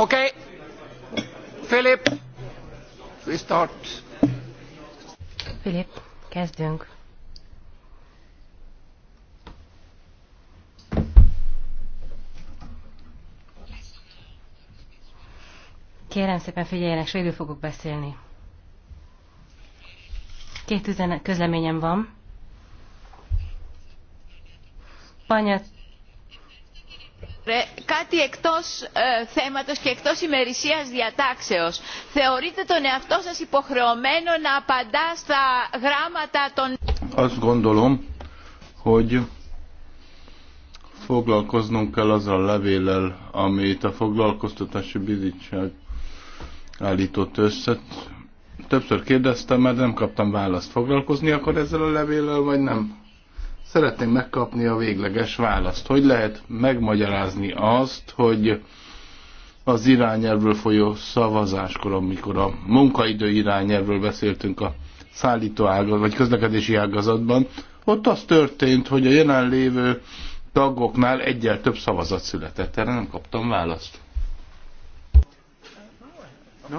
Okay. Philip, we start. Philip, kezdünk. Kérem szépen figyeljenek, svédül fogok beszélni. Két üzenet közleményem van. Panyat κάτι εκτός θέματος και εκτός ημερησίας διατάξεως. Θεωρείτε τον εαυτό σας υποχρεωμένο να απαντά στα γράμματα των... Azt gondolom, hogy foglalkoznunk kell azzal a levéllel, amit a foglalkoztatási bizottság állított össze. Többször kérdeztem, mert nem kaptam választ. Foglalkozni akar ezzel a levéllel, vagy nem? Szeretném megkapni a végleges választ. Hogy lehet megmagyarázni azt, hogy az irányelvről folyó szavazáskor, amikor a munkaidő irányelvről beszéltünk a szállító ágazat, vagy közlekedési ágazatban, ott az történt, hogy a jelenlévő tagoknál egyel több szavazat született. Erre nem kaptam választ. No.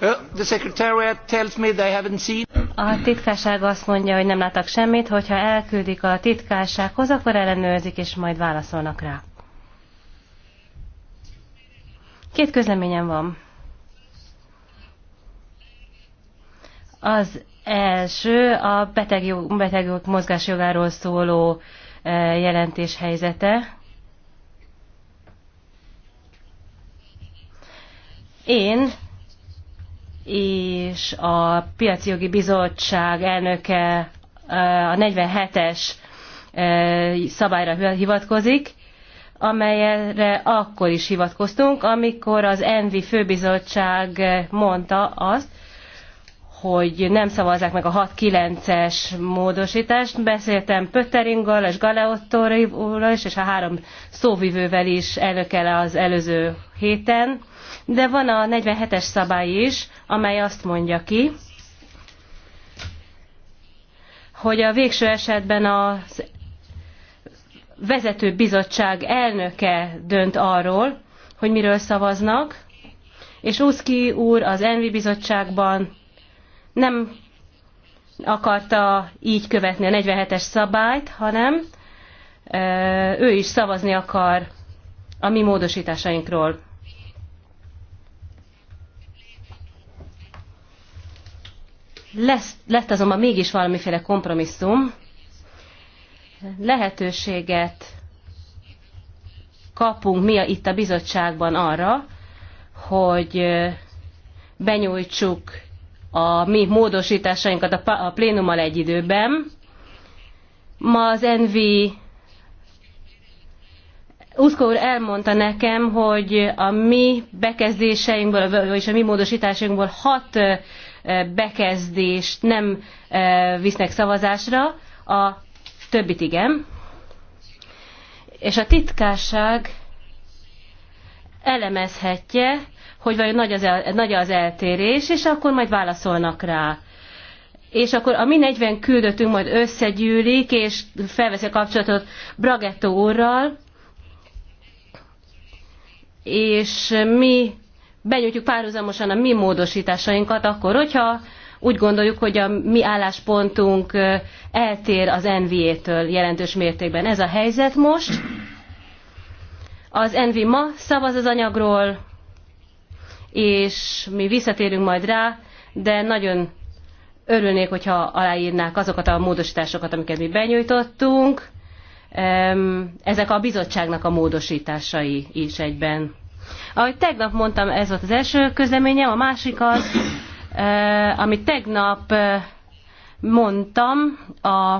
Uh, the secretariat tells me they haven't seen. A titkárság azt mondja, hogy nem láttak semmit, hogyha elküldik a titkársághoz, akkor ellenőrzik, és majd válaszolnak rá. Két közleményem van. Az első a betegjog, betegek mozgásjogáról szóló e, jelentés helyzete. Én és a Piaci Jogi Bizottság elnöke eh, a 47-es eh, szabályra hivatkozik, amelyre akkor is hivatkoztunk, amikor az ENVI főbizottság mondta azt, hogy nem szavazzák meg a 6-9-es módosítást. Beszéltem Pötteringgal és Galeottorival is, és a három szóvivővel is elnökele az előző héten de van a 47-es szabály is, amely azt mondja ki, hogy a végső esetben a vezető bizottság elnöke dönt arról, hogy miről szavaznak, és Uszki úr az Envi bizottságban nem akarta így követni a 47-es szabályt, hanem ő is szavazni akar a mi módosításainkról. Lesz, lett azonban mégis valamiféle kompromisszum, lehetőséget kapunk mi a, itt a bizottságban arra, hogy benyújtsuk a mi módosításainkat a, plénummal egy időben. Ma az Envi Uszko úr elmondta nekem, hogy a mi bekezdéseinkből, vagyis a mi módosításainkból hat bekezdést nem visznek szavazásra, a többit igen. És a titkárság elemezhetje, hogy vajon nagy az, el, nagy az eltérés, és akkor majd válaszolnak rá. És akkor a mi 40 küldöttünk majd összegyűlik, és felveszi a kapcsolatot Bragetto úrral, és mi benyújtjuk párhuzamosan a mi módosításainkat, akkor hogyha úgy gondoljuk, hogy a mi álláspontunk eltér az NVA-től jelentős mértékben. Ez a helyzet most. Az NV ma szavaz az anyagról, és mi visszatérünk majd rá, de nagyon örülnék, hogyha aláírnák azokat a módosításokat, amiket mi benyújtottunk. Ezek a bizottságnak a módosításai is egyben. Ahogy tegnap mondtam, ez volt az első közleményem, a másik az, amit tegnap mondtam, a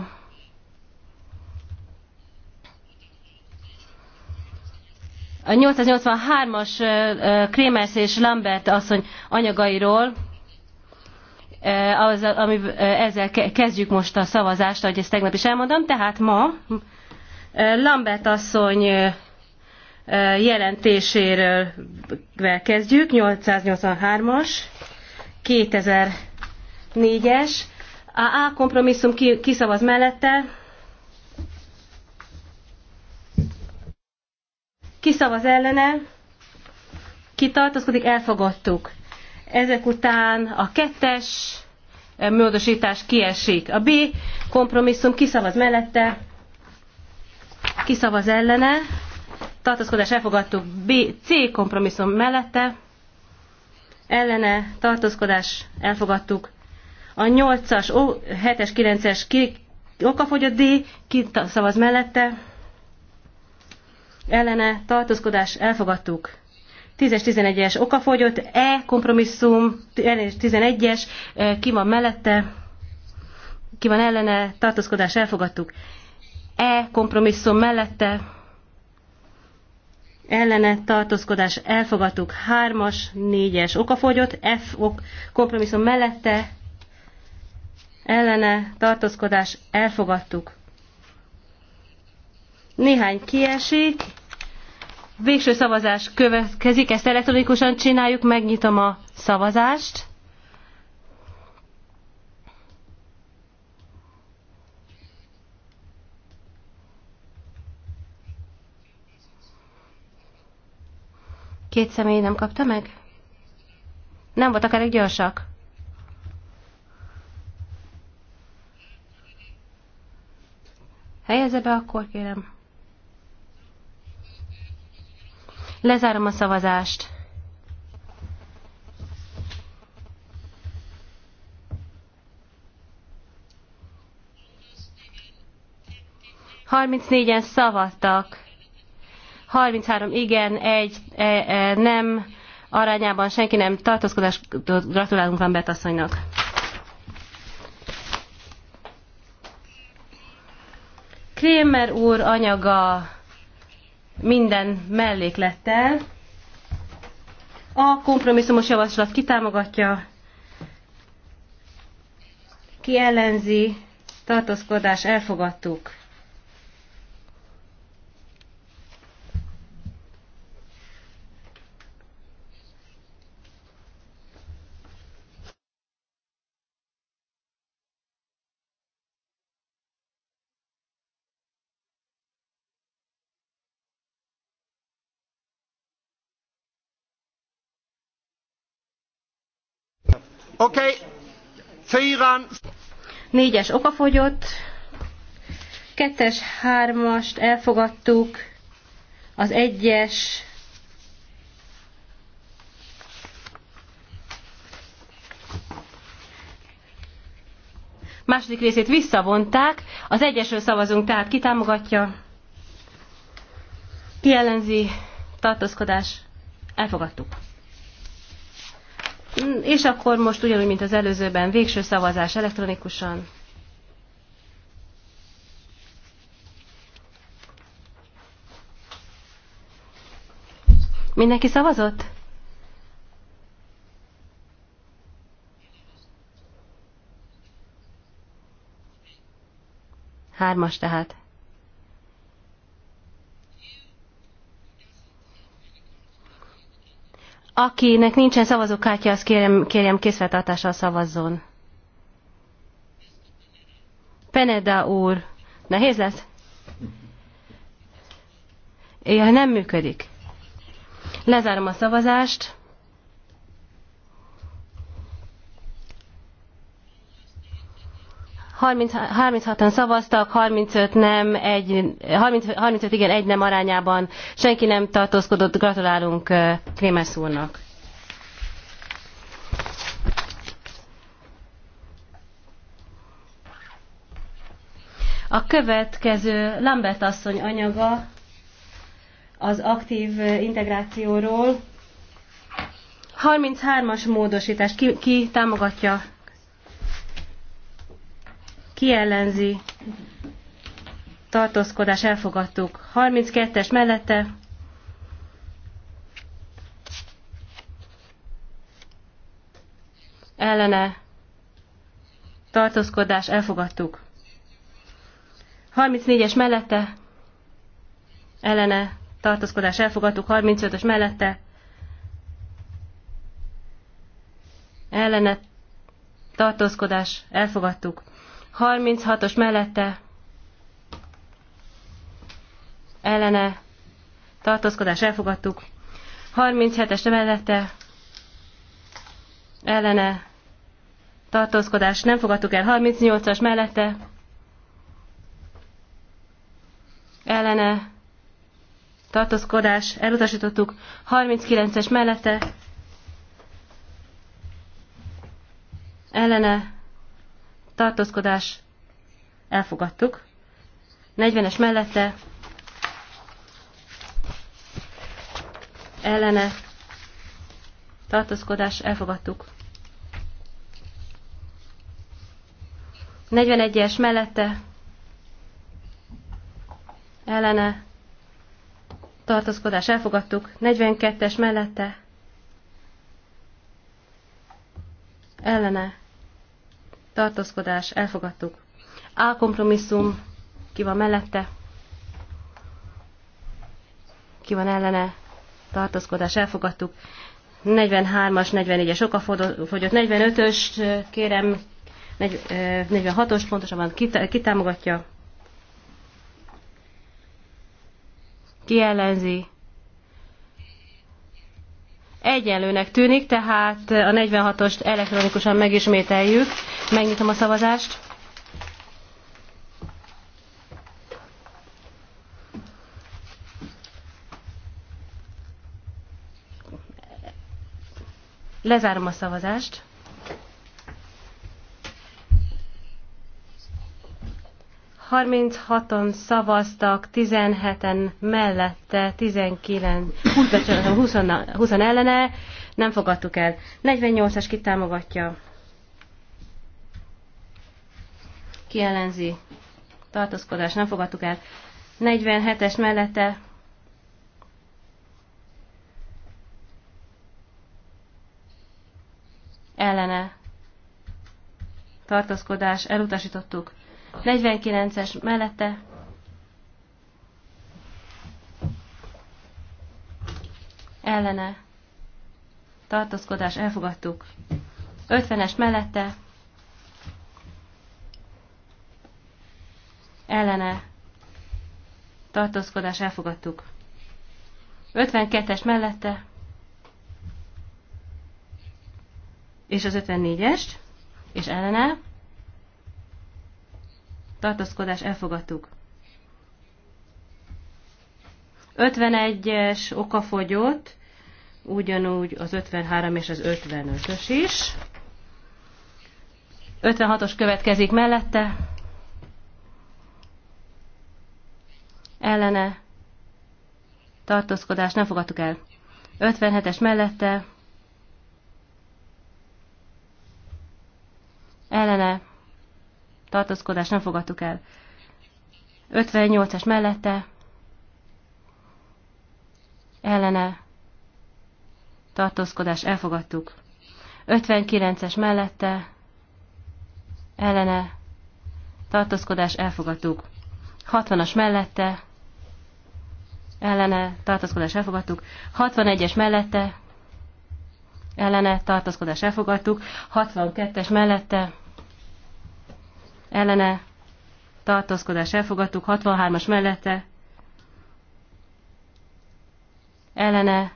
a 883-as Krémersz és Lambert asszony anyagairól, az, ami, ezzel kezdjük most a szavazást, ahogy ezt tegnap is elmondtam, tehát ma Lambert asszony jelentéséről kezdjük, 883-as, 2004-es, a A kompromisszum kiszavaz mellette, kiszavaz ellene, kitartozkodik, elfogadtuk. Ezek után a kettes e, módosítás kiesik. A B kompromisszum kiszavaz mellette, kiszavaz ellene, tartózkodás elfogadtuk, B, C kompromisszum mellette, ellene tartózkodás elfogadtuk, a 8-as, 7-es, 9-es okafogyott D, ki szavaz mellette, ellene tartózkodás elfogadtuk. 10-es, 11-es okafogyott, E kompromisszum, 11-es, e, ki van mellette, ki van ellene, tartózkodás elfogadtuk. E kompromisszum mellette, ellene tartózkodás elfogadtuk, 3-as, 4-es okafogyott, F ok, kompromisszum mellette ellene tartózkodás elfogadtuk. Néhány kiesik, végső szavazás következik, ezt elektronikusan csináljuk, megnyitom a szavazást. Két személy nem kapta meg? Nem voltak elég gyorsak. Helyezze be akkor, kérem. Lezárom a szavazást. Harmincnégyen szavaztak. 33 igen, egy e, e, nem arányában senki nem tartózkodás. Gratulálunk Van asszonynak. Krémer úr anyaga minden melléklettel. A kompromisszumos javaslat kitámogatja, ki ellenzi, tartózkodás elfogadtuk. Oké. Okay. Négyes okafogyott. Kettes, hármast elfogadtuk. Az egyes. Második részét visszavonták. Az egyesről szavazunk, tehát ki támogatja? Ki ellenzi? Tartózkodás. Elfogadtuk. Mm, és akkor most ugyanúgy, mint az előzőben, végső szavazás elektronikusan. Mindenki szavazott? Hármas tehát. Akinek nincsen szavazókártya, az kérem, kérjem készfeltartással szavazzon. Peneda úr, nehéz lesz? Ja, nem működik. Lezárom a szavazást. 36-an szavaztak, 35 nem, egy, 30, 35 igen, egy nem arányában. Senki nem tartózkodott. Gratulálunk Krémes úrnak. A következő Lambert asszony anyaga az aktív integrációról. 33-as módosítás. Ki, ki támogatja kiellenzi, tartózkodás elfogadtuk. 32-es mellette ellene tartózkodás elfogadtuk. 34-es mellette ellene tartózkodás elfogadtuk, 35-ös mellette ellene tartózkodás elfogadtuk. 36-os mellette ellene tartózkodás elfogadtuk. 37-es mellette ellene tartózkodás nem fogadtuk el. 38-as mellette ellene tartózkodás elutasítottuk. 39-es mellette ellene tartózkodás, elfogadtuk. 40-es mellette, ellene, tartózkodás, elfogadtuk. 41-es mellette, ellene, tartózkodás, elfogadtuk. 42-es mellette, ellene, tartózkodás, elfogadtuk. A kompromisszum, ki van mellette, ki van ellene, tartózkodás, elfogadtuk. 43-as, 44-es okafogyott, 45-ös, kérem, 46-os pontosabban kitámogatja, ki ellenzi, egyenlőnek tűnik, tehát a 46-ost elektronikusan megismételjük. Megnyitom a szavazást. Lezárom a szavazást. 36 an szavaztak, 17-en mellette, 19, 20, 20, 20 ellene, nem fogadtuk el. 48-as kitámogatja. Ki ellenzi? Tartózkodás, nem fogadtuk el. 47-es mellette, ellene tartózkodás, elutasítottuk. 49-es mellette ellene tartózkodás elfogadtuk. 50-es mellette ellene tartózkodás elfogadtuk. 52-es mellette és az 54-est és ellene tartózkodás elfogadtuk. 51-es okafogyott, ugyanúgy az 53 és az 55-ös is. 56-os következik mellette. Ellene tartózkodás nem fogadtuk el. 57-es mellette. Ellene tartózkodás nem fogadtuk el. 58-as mellette ellene tartózkodás elfogadtuk. 59-es mellette ellene tartózkodás elfogadtuk. 60-as mellette ellene tartózkodás elfogadtuk. 61-es mellette ellene tartózkodás elfogadtuk. 62-es mellette ellene tartózkodás elfogadtuk, 63-as mellette ellene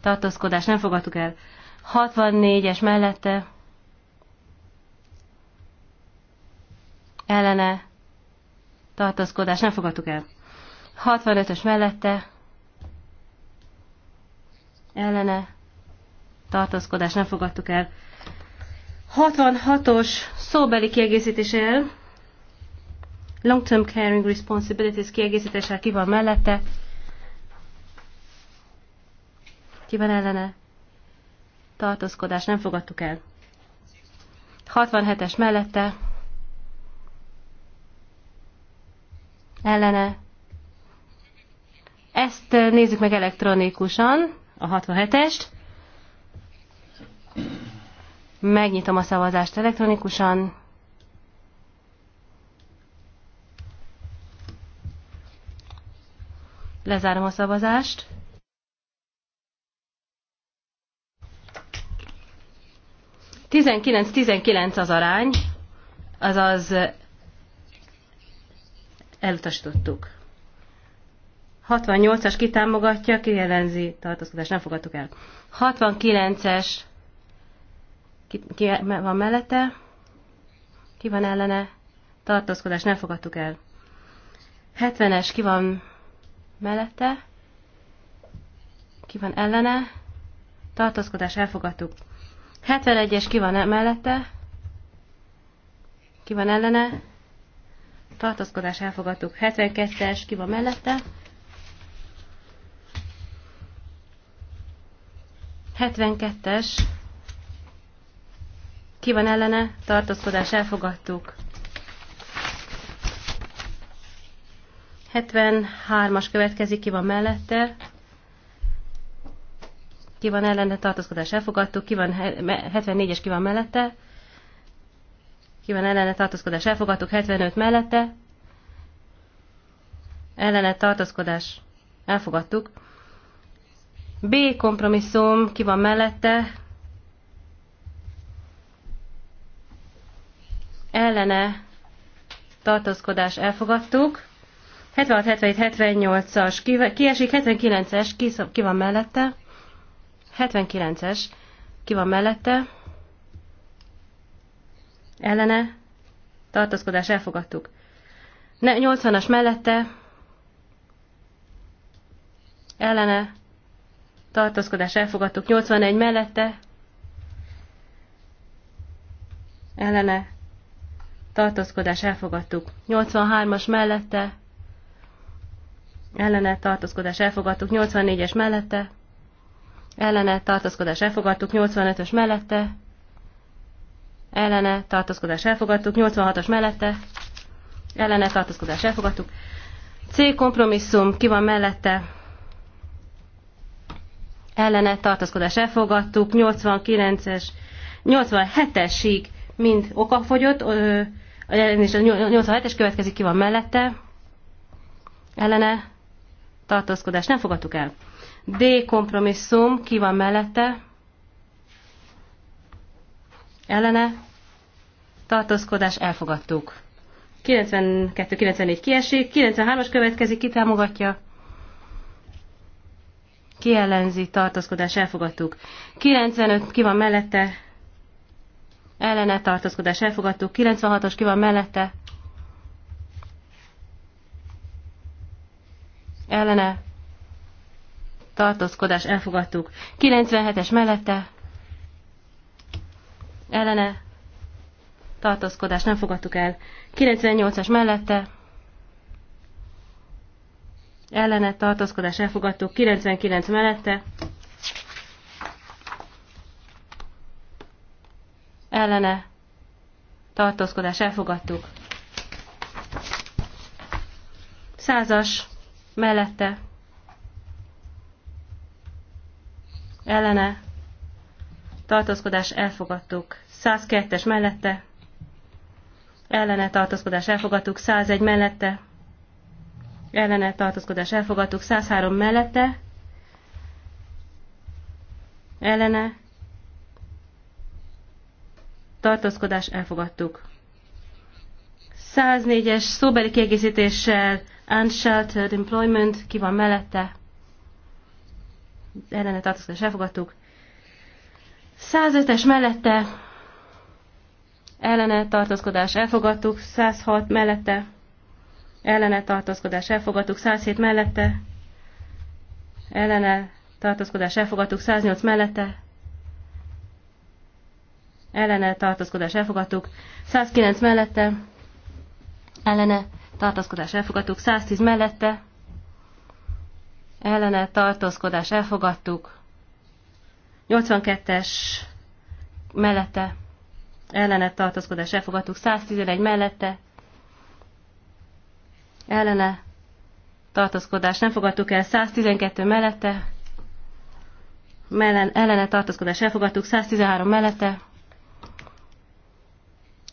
tartózkodás nem fogadtuk el, 64-es mellette ellene tartózkodás nem fogadtuk el, 65-ös mellette ellene tartózkodás nem fogadtuk el, 66-os szóbeli kiegészítéssel, long term caring responsibilities kiegészítéssel ki van mellette, ki van ellene, tartózkodás, nem fogadtuk el. 67-es mellette, ellene, ezt eh, nézzük meg elektronikusan, a 67-est. Megnyitom a szavazást elektronikusan. Lezárom a szavazást. Tizenkilenc, tizenkilenc az arány, azaz elutasítottuk. 68-as kitámogatja, kijelenzi, tartózkodás, nem fogadtuk el. 69-es ki, ki van mellette? Ki van ellene? Tartózkodás, nem fogadtuk el. 70-es, ki van mellette? Ki van ellene? Tartózkodás, elfogadtuk. 71-es, ki van mellette? Ki van ellene? Tartózkodás, elfogadtuk. 72-es, ki van mellette? 72-es, ki van ellene? Tartózkodás elfogadtuk. 73-as következik, ki van mellette. Ki van ellene, tartózkodás elfogadtuk. Ki van 74-es, ki van mellette. Ki van ellene, tartózkodás elfogadtuk. 75 mellette. Ellene, tartózkodás elfogadtuk. B kompromisszum, ki van mellette ellene tartózkodás elfogadtuk. 76, 77, 78-as kiesik, 79-es ki, ki van mellette, 79-es ki van mellette, ellene tartózkodás elfogadtuk. 80-as mellette, ellene tartózkodás elfogadtuk. 81 mellette, ellene tartózkodás elfogadtuk. 83-as mellette ellene tartózkodás elfogadtuk. 84-es mellette ellene tartózkodás elfogadtuk. 85-ös mellette ellene tartózkodás elfogadtuk. 86-os mellette ellene tartózkodás elfogadtuk. C kompromisszum ki van mellette ellene tartózkodás elfogadtuk. 89-es 87-esig mind okafogyott, a a 87-es következik, ki van mellette, ellene, tartózkodás, nem fogadtuk el. D kompromisszum, ki van mellette, ellene, tartózkodás, elfogadtuk. 92-94 kiesik, 93-as következik, ki támogatja, ki ellenzi, tartózkodás, elfogadtuk. 95 ki van mellette, ellene tartózkodás elfogadtuk, 96-os ki van mellette, ellene tartózkodás elfogadtuk, 97-es mellette, ellene tartózkodás nem fogadtuk el, 98-as mellette, ellene tartózkodás elfogadtuk, 99 mellette, ellene tartózkodás elfogadtuk. Százas mellette ellene tartózkodás elfogadtuk. 102-es mellette ellene tartózkodás elfogadtuk. 101 mellette ellene tartózkodás elfogadtuk. 103 mellette ellene tartózkodás elfogadtuk. 104-es szóbeli kiegészítéssel unsheltered employment, ki van mellette, ellene tartózkodás elfogadtuk. 105-es mellette ellene tartózkodás elfogadtuk, 106 mellette ellene tartózkodás elfogadtuk, 107 mellette ellene tartózkodás elfogadtuk, 108 mellette ellene tartózkodás elfogadtuk, 109 mellette ellene tartózkodás elfogadtuk, 110 mellette ellene tartózkodás elfogadtuk, 82-es mellette ellene tartózkodás elfogadtuk, 111 mellette ellene tartózkodás nem fogadtuk el, 112 mellette mellen, ellene tartózkodás elfogadtuk, 113 mellette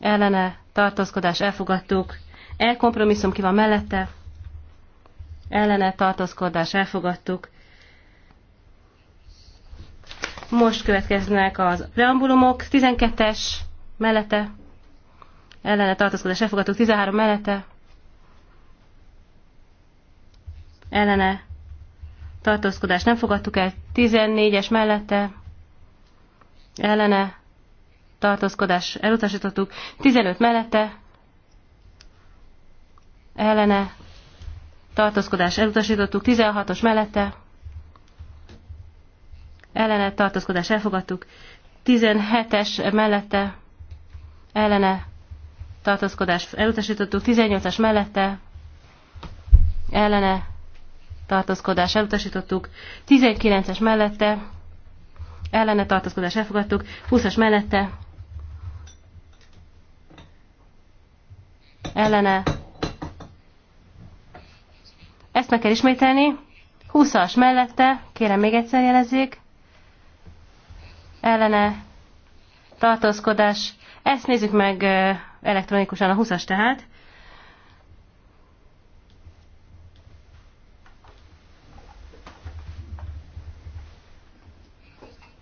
ellene tartózkodás elfogadtuk, E kompromisszum ki van mellette, ellene tartózkodás elfogadtuk. Most következnek az preambulumok, 12-es mellette, ellene tartózkodás elfogadtuk, 13 mellette, ellene tartózkodás nem fogadtuk el, 14-es mellette, ellene tartózkodás elutasítottuk, 15 mellette ellene tartózkodás elutasítottuk, 16-os mellette ellene tartózkodás elfogadtuk, 17-es mellette ellene tartózkodás elutasítottuk, 18-as mellette ellene tartózkodás elutasítottuk, 19-es mellette ellene tartózkodás elfogadtuk, 20-as mellette ellene. Ezt meg kell ismételni. 20-as mellette, kérem még egyszer jelezzék. Ellene tartózkodás. Ezt nézzük meg elektronikusan a 20-as tehát.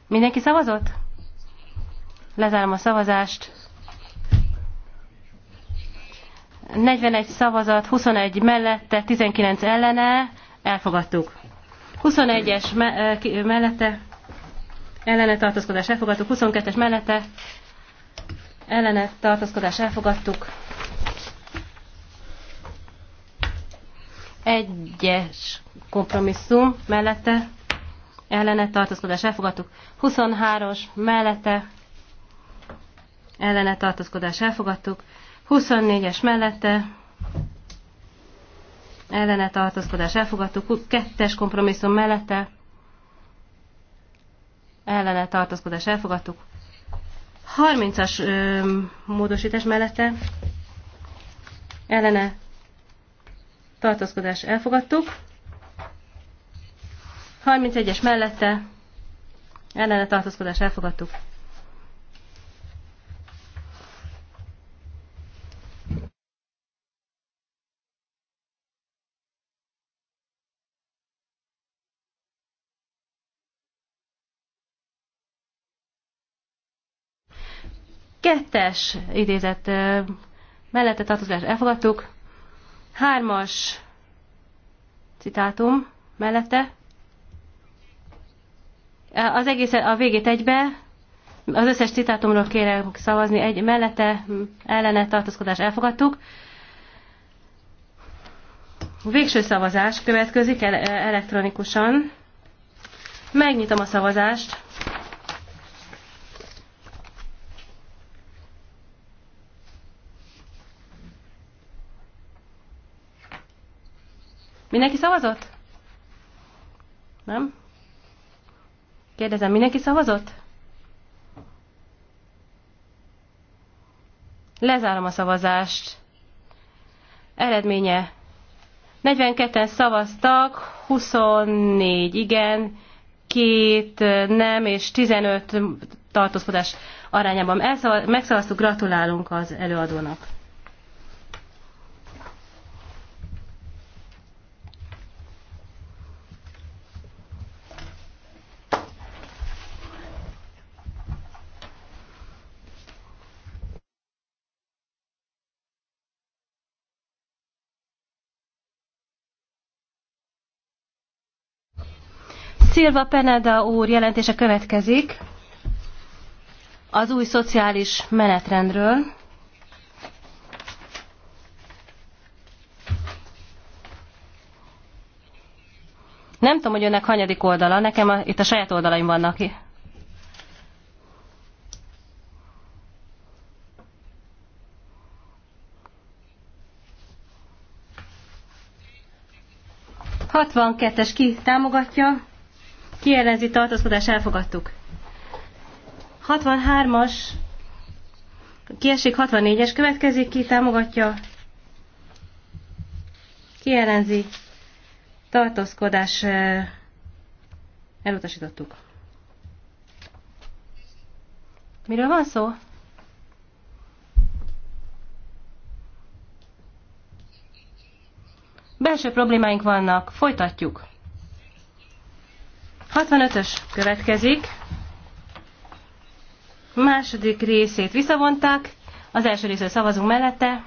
Mindenki szavazott? Lezárom a szavazást. 41 szavazat, 21 mellette, 19 ellene, elfogadtuk. 21-es me mellette, ellene tartózkodás elfogadtuk, 22-es mellette, ellene tartózkodás elfogadtuk. Egyes kompromisszum mellette, ellene tartózkodás elfogadtuk. 23-os mellette, ellene tartózkodás elfogadtuk. 24-es mellette ellene tartózkodás elfogadtuk, kettes kompromisszum mellette ellene tartózkodás elfogadtuk, 30-as módosítás mellette ellene tartózkodás elfogadtuk, 31-es mellette ellene tartózkodás elfogadtuk. Kettes idézett mellette tartozás elfogadtuk. Hármas citátum mellette. Az egész a végét egybe, az összes citátumról kérek szavazni, egy mellette ellene tartózkodás elfogadtuk. Végső szavazás következik elektronikusan. Megnyitom a szavazást. Mindenki szavazott? Nem? Kérdezem, mindenki szavazott? Lezárom a szavazást. Eredménye. 42-en szavaztak, 24 igen, 2 nem és 15 tartózkodás arányában. megszavaztuk, gratulálunk az előadónak. Silva Peneda úr jelentése következik az új szociális menetrendről. Nem tudom, hogy önnek hanyadik oldala, nekem a, itt a saját oldalaim vannak. Hatvankettes ki támogatja? kielezi tartózkodás elfogadtuk. 63-as, kiesik 64-es következik, ki támogatja, kielezi tartózkodás elutasítottuk. Miről van szó? Belső problémáink vannak, folytatjuk. 65-ös következik. Második részét visszavonták. Az első részről szavazunk mellette.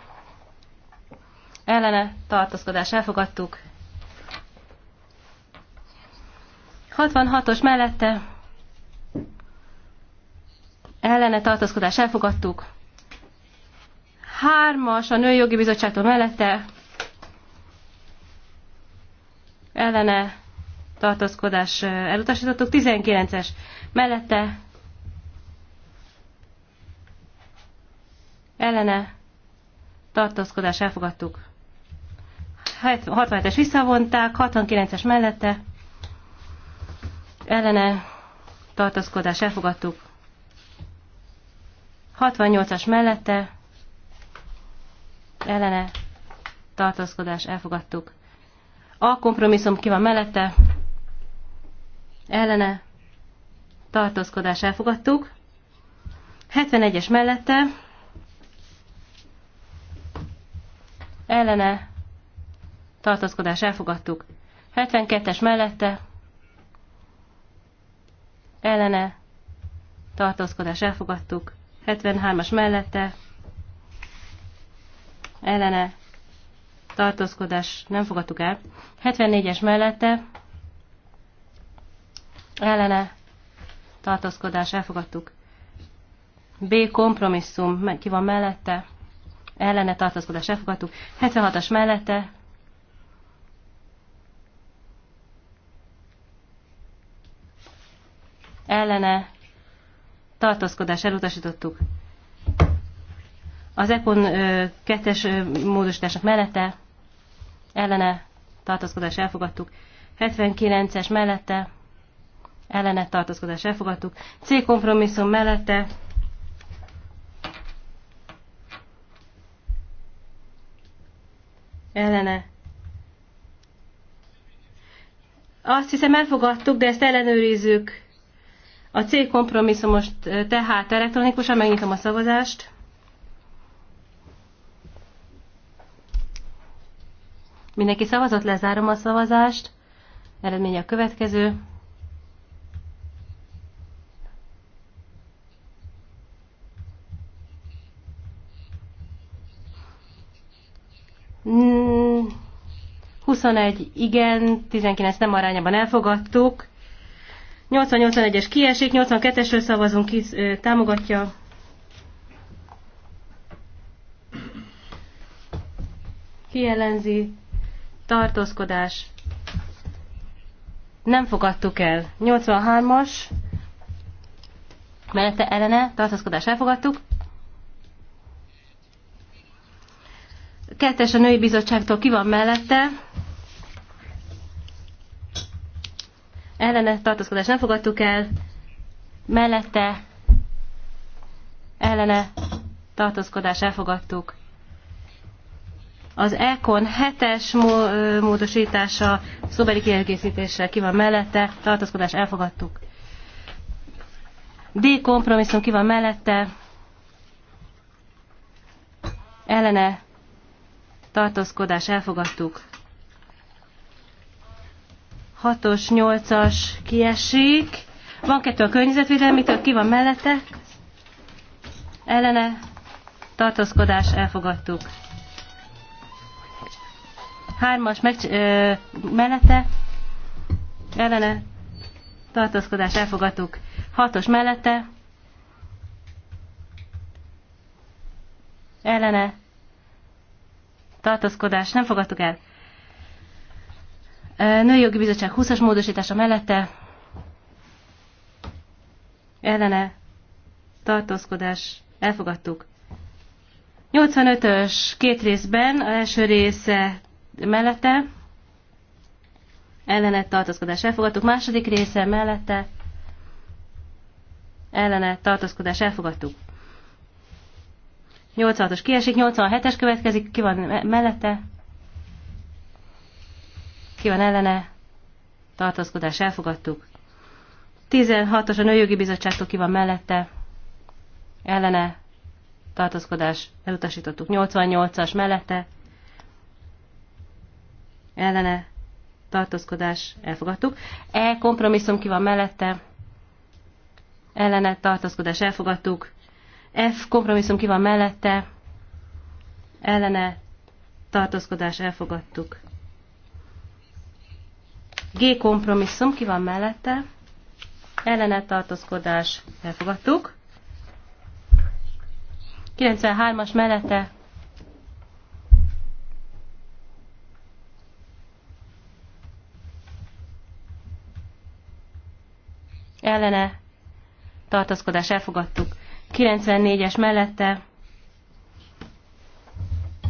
Ellene tartózkodás elfogadtuk. 66-os mellette ellene tartózkodás elfogadtuk. Hármas a Nőjogi Bizottságtól mellette ellene tartózkodás elutasítottuk, 19-es mellette ellene tartózkodás elfogadtuk. 67-es visszavonták, 69-es mellette ellene tartózkodás elfogadtuk. 68-as mellette ellene tartózkodás elfogadtuk. A kompromisszum ki van mellette, ellene tartózkodás elfogadtuk. 71-es mellette ellene tartózkodás elfogadtuk. 72-es mellette ellene tartózkodás elfogadtuk. 73-as mellette ellene tartózkodás nem fogadtuk el. 74-es mellette ellene tartózkodás elfogadtuk. B. Kompromisszum, ki van mellette, ellene tartózkodás elfogadtuk. 76-as mellette, ellene tartózkodás elutasítottuk. Az EKON 2-es módosításnak mellette, ellene tartózkodás elfogadtuk. 79-es mellette, ellenet tartózkodás elfogadtuk. C kompromisszum mellette ellene. Azt hiszem elfogadtuk, de ezt ellenőrizzük. A C kompromisszumost tehát elektronikusan megnyitom a szavazást. Mindenki szavazott, lezárom a szavazást. Eredménye a következő. 21 mm, igen, 19 nem arányában elfogadtuk. 80-81-es kiesik, 82-esről szavazunk, ki támogatja. Kijelenzi, tartózkodás. Nem fogadtuk el. 83-as, mellette ellene, tartózkodás elfogadtuk. Kettes a női bizottságtól ki van mellette. Ellene tartózkodást nem fogadtuk el. Mellette ellene tartózkodást elfogadtuk. Az ECON 7-es módosítása szóbeli kiegészítésre ki van mellette, tartózkodás elfogadtuk. D kompromisszum ki van mellette, ellene tartózkodás elfogadtuk. 6-os, 8-as kiesik. Van kettő a környezetvédelmitől, ki van mellette? Ellene tartózkodás elfogadtuk. 3-as meg, ö, mellette, ellene tartózkodás elfogadtuk. 6-os mellette, ellene tartózkodás, nem fogadtuk el. Női Jogi Bizottság 20-as módosítása mellette ellene tartózkodás, elfogadtuk. 85-ös két részben, a első része mellette, ellene tartózkodás elfogadtuk, második része mellette, ellene tartózkodás elfogadtuk. 86-os kiesik, 87-es következik, ki van me mellette? Ki van ellene? Tartózkodás elfogadtuk. 16-os a Nőjogi Bizottságtól ki van mellette? Ellene? Tartózkodás elutasítottuk. 88-as mellette? Ellene? Tartózkodás elfogadtuk. E kompromisszum ki van mellette? Ellene? Tartózkodás elfogadtuk. F kompromisszum ki van mellette, ellene tartózkodás elfogadtuk. G kompromisszum ki van mellette, ellene tartózkodás elfogadtuk. 93-as mellette ellene tartózkodás elfogadtuk. 94-es mellette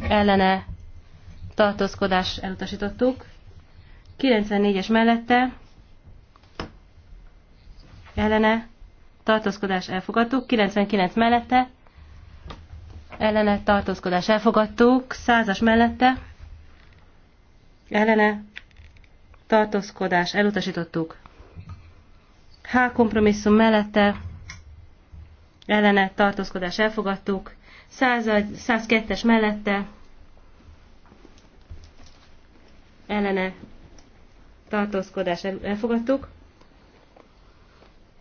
ellene tartózkodás elutasítottuk. 94-es mellette ellene tartózkodás elfogadtuk. 99 mellette ellene tartózkodás elfogadtuk. 100-as mellette ellene tartózkodás elutasítottuk. H kompromisszum mellette ellene tartózkodás elfogadtuk, 102-es mellette ellene tartózkodás elfogadtuk.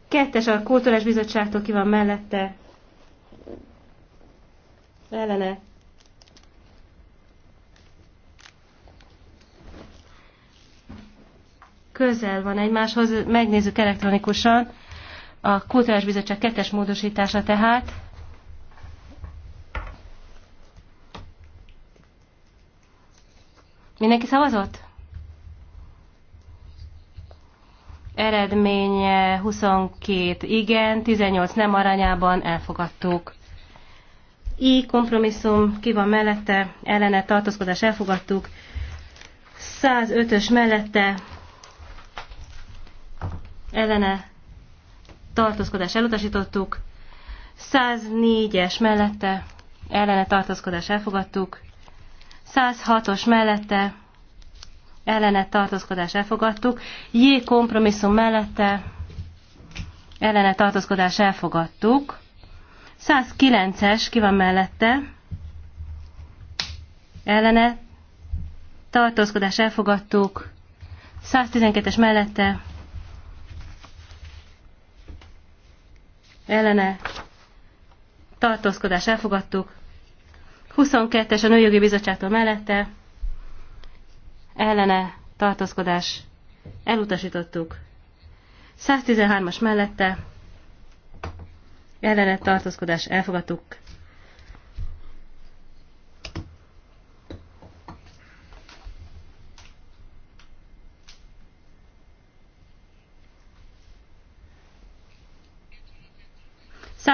Kettes a Kulturális Bizottságtól ki van mellette ellene közel van egymáshoz, megnézzük elektronikusan. A Kulturális Bizottság kettes módosítása tehát Mindenki szavazott? Eredménye 22 igen, 18 nem arányában elfogadtuk. I kompromisszum, ki van mellette, ellene tartózkodás elfogadtuk. 105-ös mellette, ellene tartózkodás elutasítottuk, 104-es mellette ellene tartózkodás elfogadtuk, 106-os mellette ellene tartózkodás elfogadtuk, J kompromisszum mellette ellene tartózkodás elfogadtuk, 109-es ki van mellette, ellene tartózkodás elfogadtuk, 112-es mellette ellene tartózkodás elfogadtuk. 22-es a Nőjogi Bizottságtól mellette ellene tartózkodás elutasítottuk. 113-as mellette ellene tartózkodás elfogadtuk.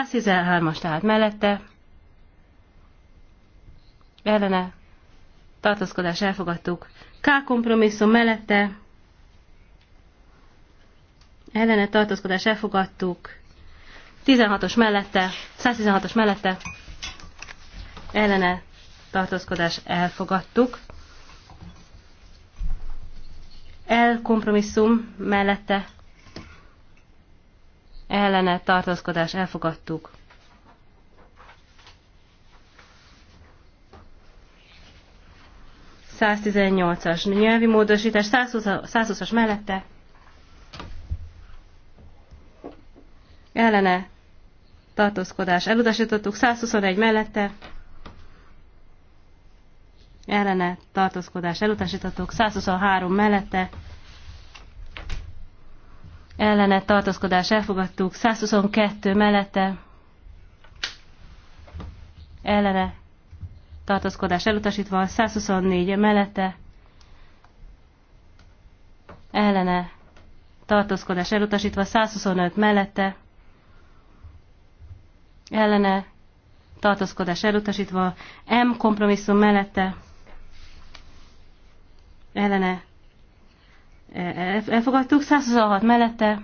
113-as tehát mellette, ellene, tartózkodás elfogadtuk. K kompromisszum mellette, ellene tartózkodás elfogadtuk. 16-os mellette, 116-os mellette, ellene tartózkodás elfogadtuk. El kompromisszum mellette, ellene tartózkodás elfogadtuk. as nyelvi módosítás, 120-as mellette ellene tartózkodás elutasítottuk, 121 mellette ellene tartózkodás elutasítottuk, 123 mellette ellene tartózkodás elfogadtuk, 122 mellette ellene tartózkodás elutasítva, 124 mellette ellene tartózkodás elutasítva, 125 mellette ellene tartózkodás elutasítva, M kompromisszum mellette ellene elfogadtuk, 126 mellette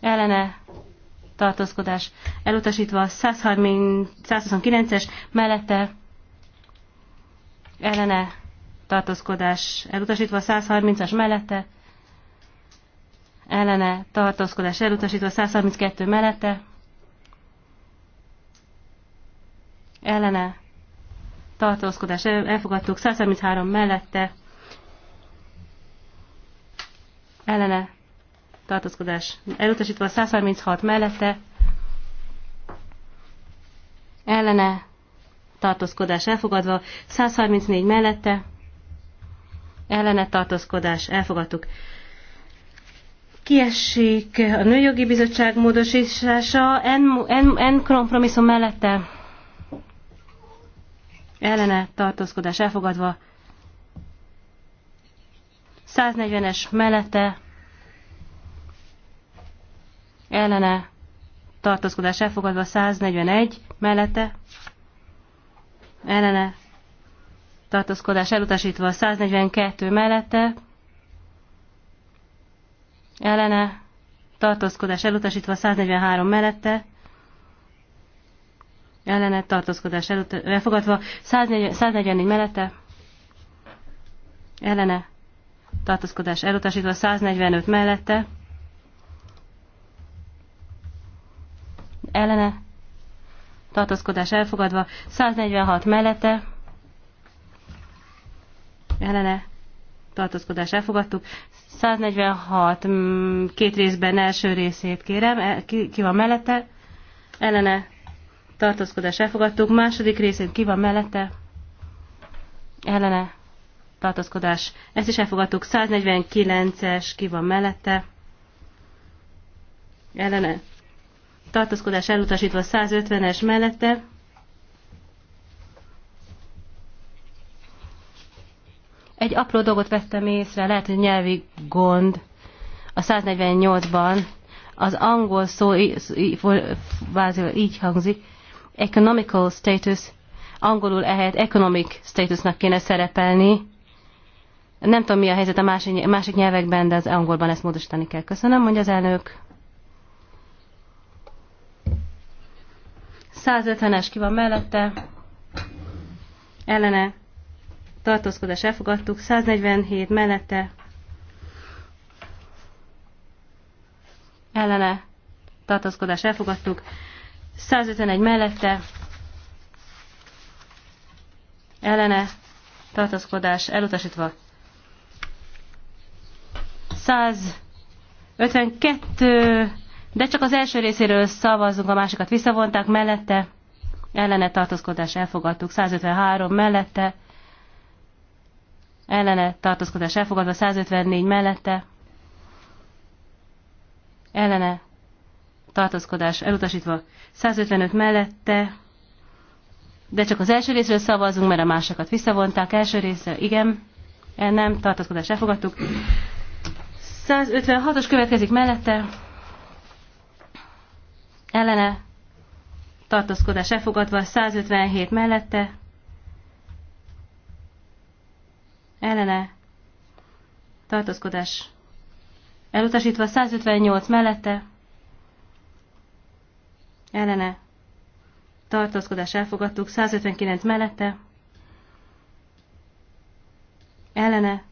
ellene tartózkodás elutasítva, 130, 129-es mellette ellene tartózkodás elutasítva, 130-as mellette ellene tartózkodás elutasítva, 132 mellette ellene tartózkodás elfogadtuk, 133 mellette ellene tartózkodás elutasítva, 136 mellette ellene tartózkodás elfogadva, 134 mellette ellene tartózkodás elfogadtuk. Kiesik a Nőjogi Bizottság módosítása, en, en, en kompromisszum mellette ellene tartózkodás elfogadva, 140-es mellette ellene tartózkodás elfogadva, 141 mellette ellene tartózkodás elutasítva, 142 mellette ellene tartózkodás elutasítva, 143 mellette ellene tartózkodás előtt elfogadva, 144 mellette ellene tartózkodás elutasítva, 145 mellette ellene tartózkodás elfogadva, 146 mellette ellene tartózkodás elfogadtuk. 146 két részben első részét kérem, e, ki, van mellette, ellene tartózkodás elfogadtuk. Második részét ki van mellette? Ellene tartózkodás. Ezt is elfogadtuk. 149-es ki van mellette? Ellene tartózkodás elutasítva 150-es mellette. Egy apró dolgot vettem észre, lehet, hogy nyelvi gond a 148-ban az angol szó így hangzik, economical status, angolul ehhez economic statusnak kéne szerepelni. Nem tudom, mi a helyzet a másik, másik nyelvekben, de az angolban ezt módosítani kell. Köszönöm, mondja az elnök. 150-es ki van mellette, ellene, tartózkodás elfogadtuk, 147 mellette, ellene, tartózkodás elfogadtuk, 151 mellette ellene tartózkodás elutasítva. 152, de csak az első részéről szavazunk, a másikat visszavonták mellette, ellene tartózkodás elfogadtuk, 153 mellette, ellene tartózkodás elfogadva, 154 mellette, ellene tartózkodás elutasítva 155 mellette, de csak az első részről szavazunk, mert a másokat visszavonták. Első része igen, el nem, tartózkodást elfogadtuk. 156-os következik mellette, ellene, tartózkodás elfogadva, 157 mellette, ellene, tartózkodás elutasítva, 158 mellette, ellene tartózkodás elfogadtuk, 159 mellette ellene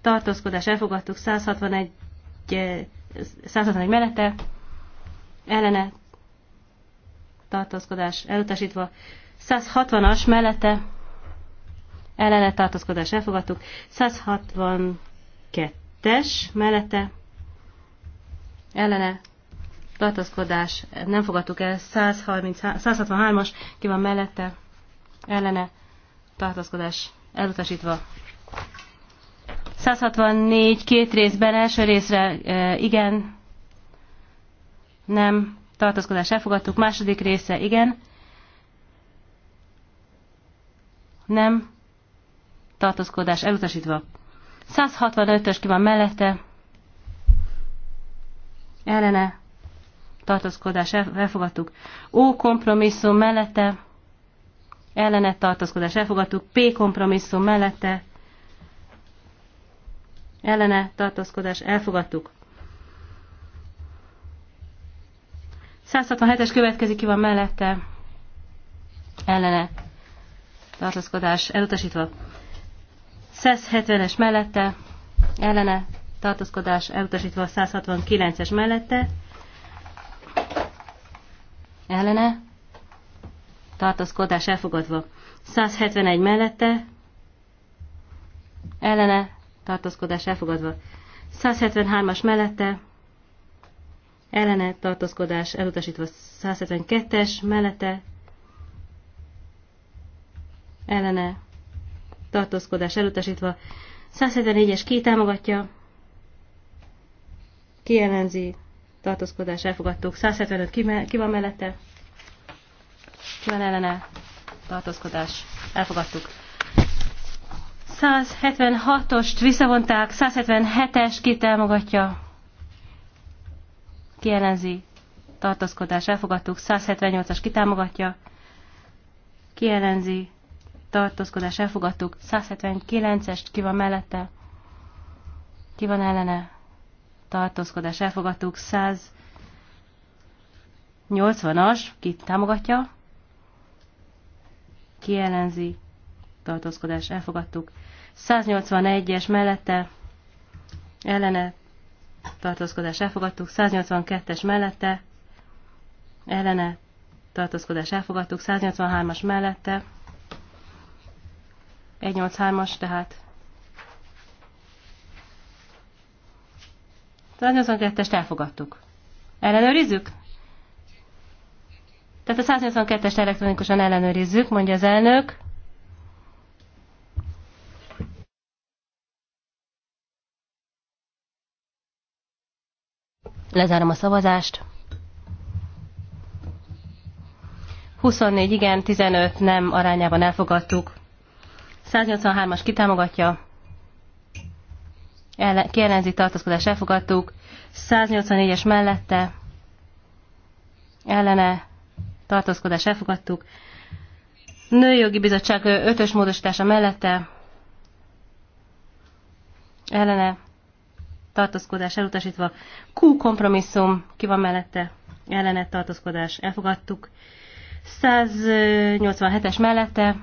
tartózkodás elfogadtuk, 161, 161 eh, mellette ellene tartózkodás elutasítva, 160-as mellette ellene tartózkodás elfogadtuk, 162-es mellette ellene tartózkodás, nem fogadtuk el, 163-as, ki van mellette, ellene, tartózkodás, elutasítva. 164, két részben, első részre igen, nem, tartózkodás elfogadtuk, második része igen, nem, tartózkodás elutasítva. 165-ös ki van mellette, ellene, tartózkodás elfogadtuk. O kompromisszum mellette ellenet tartózkodás elfogadtuk. P kompromisszum mellette ellene tartózkodás elfogadtuk. 167-es következik, ki van mellette ellene tartózkodás elutasítva. 170-es mellette ellene tartózkodás elutasítva 169-es mellette ellene, tartózkodás elfogadva. 171 mellette, ellene, tartózkodás elfogadva. 173-as mellette, ellene, tartózkodás elutasítva. 172-es mellette, ellene, tartózkodás elutasítva. 174-es ki támogatja, kijelenzi, tartózkodás elfogadtuk. 175 ki, ki van mellette? Ki van ellene? Tartózkodás elfogadtuk. 176-ost visszavonták, 177-es ki támogatja? Ki ellenzi? Tartózkodás elfogadtuk. 178-as ki támogatja? Ki ellenzi? Tartózkodás elfogadtuk. 179-est ki van mellette? Ki van ellene? tartózkodás elfogadtuk, 180-as, ki támogatja, ki ellenzi, tartózkodás elfogadtuk, 181-es mellette, ellene, tartózkodás elfogadtuk, 182-es mellette, ellene, tartózkodás elfogadtuk, 183-as mellette, 183-as, tehát 182-est elfogadtuk. Ellenőrizzük? Tehát a 182-est elektronikusan ellenőrizzük, mondja az elnök. Lezárom a szavazást. 24 igen, 15 nem arányában elfogadtuk. 183-as kitámogatja, ellen, ki elfogadtuk, 184-es mellette ellene tartózkodást elfogadtuk, Nőjogi Bizottság 5-ös módosítása mellette ellene tartózkodás elutasítva, Q kompromisszum ki van mellette, ellene tartózkodás elfogadtuk, 187-es mellette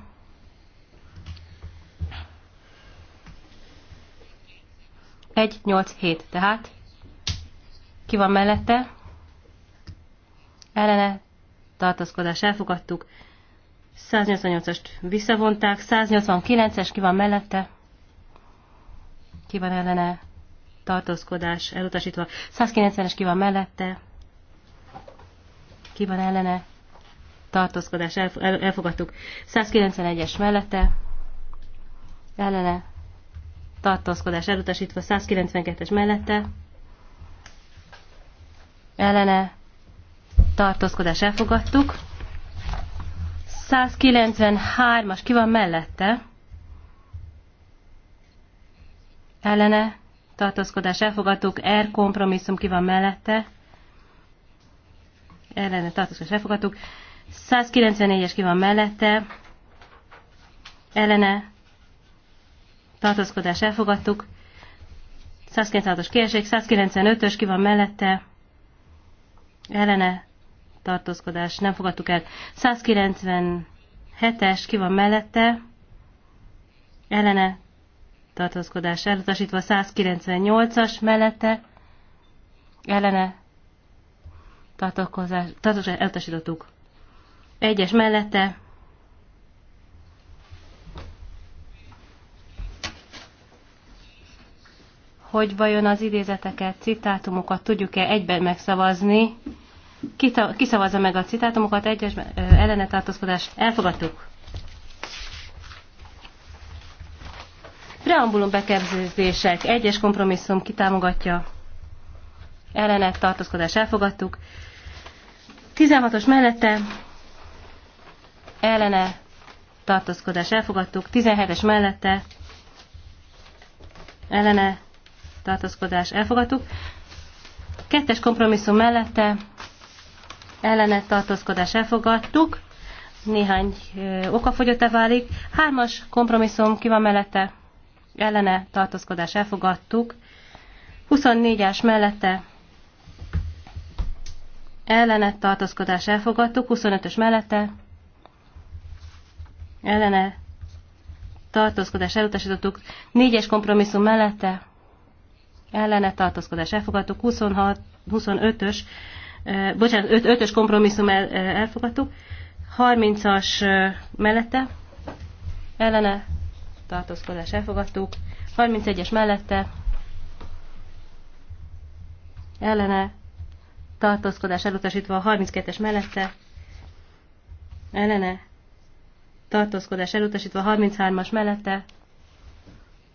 1, 8, 7. Tehát ki van mellette? Ellene tartózkodás elfogadtuk. 188-ast visszavonták, 189-es ki van mellette, ki van ellene, tartózkodás elutasítva, 190-es ki van mellette, ki van ellene, tartózkodás elfogadtuk, 191-es mellette, ellene, tartózkodás elutasítva 192-es mellette, ellene tartózkodás elfogadtuk. 193-as ki van mellette, ellene tartózkodás elfogadtuk, R kompromisszum ki van mellette, ellene tartózkodás elfogadtuk, 194-es ki van mellette, ellene tartózkodás elfogadtuk. 196-os kieség, 195-ös ki van mellette, ellene tartózkodás, nem fogadtuk el. 197-es ki van mellette, ellene tartózkodás elutasítva, 198-as mellette, ellene tartózkodás elutasítottuk. Egyes mellette, hogy vajon az idézeteket, citátumokat tudjuk-e egyben megszavazni. Kiszavazza meg a citátumokat, egyes ellene tartózkodás. Elfogadtuk. Preambulum bekebzések, egyes kompromisszum kitámogatja, ellenet tartózkodás elfogadtuk. 16-os mellette ellene tartózkodás elfogadtuk, 17-es mellette ellene tartózkodás elfogadtuk. Kettes kompromisszum mellette ellene tartózkodás elfogadtuk. Néhány okafogyata válik. Hármas kompromisszum ki van mellette ellene tartózkodás elfogadtuk. 24-es mellette ellene tartózkodás elfogadtuk. 25-ös mellette ellene tartózkodás elutasítottuk. 4-es kompromisszum mellette ellene tartózkodás elfogadtuk, 26, 25-ös, bocsánat, 5, ös kompromisszum el, elfogadtuk, 30-as mellette ellene tartózkodás elfogadtuk, 31-es mellette ellene tartózkodás elutasítva, 32-es mellette ellene tartózkodás elutasítva, 33-as mellette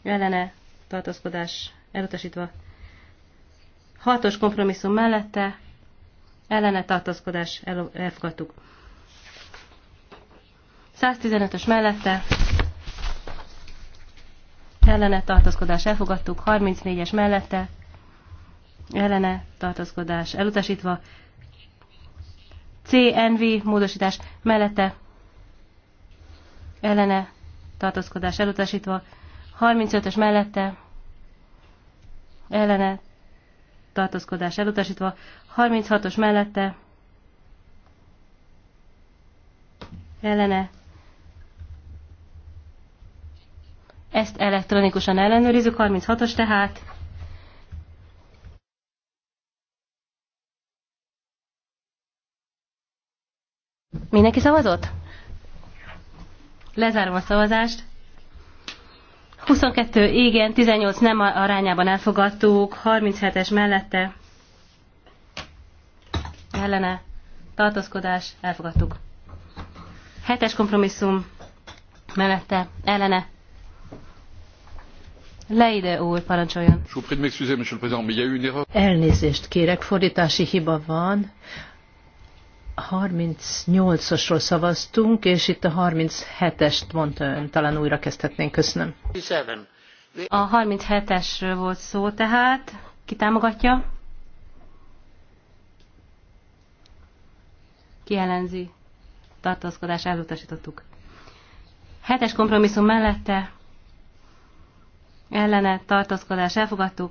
ellene tartózkodás elutasítva. Hatos kompromisszum mellette ellene tartozkodás elfogadtuk. 115-ös mellette ellene tartozkodás elfogadtuk, 34-es mellette ellene tartozkodás elutasítva, CNV módosítás mellette ellene tartozkodás elutasítva, 35-ös mellette ellene tartózkodás elutasítva, 36-os mellette ellene. Ezt elektronikusan ellenőrizzük, 36-os tehát. Mindenki szavazott? Lezárom a szavazást. 22 igen, 18 nem arányában elfogadtuk, 37-es mellette ellene tartózkodás elfogadtuk. 7-es kompromisszum mellette ellene Leide úr, parancsoljon. Elnézést kérek, fordítási hiba van. 38-osról szavaztunk, és itt a 37-est mondta ön, talán újra kezdhetnénk, köszönöm. A 37-esről volt szó tehát, ki támogatja? Ki ellenzi? Tartózkodás elutasítottuk. Hetes kompromisszum mellette ellene tartózkodás elfogadtuk.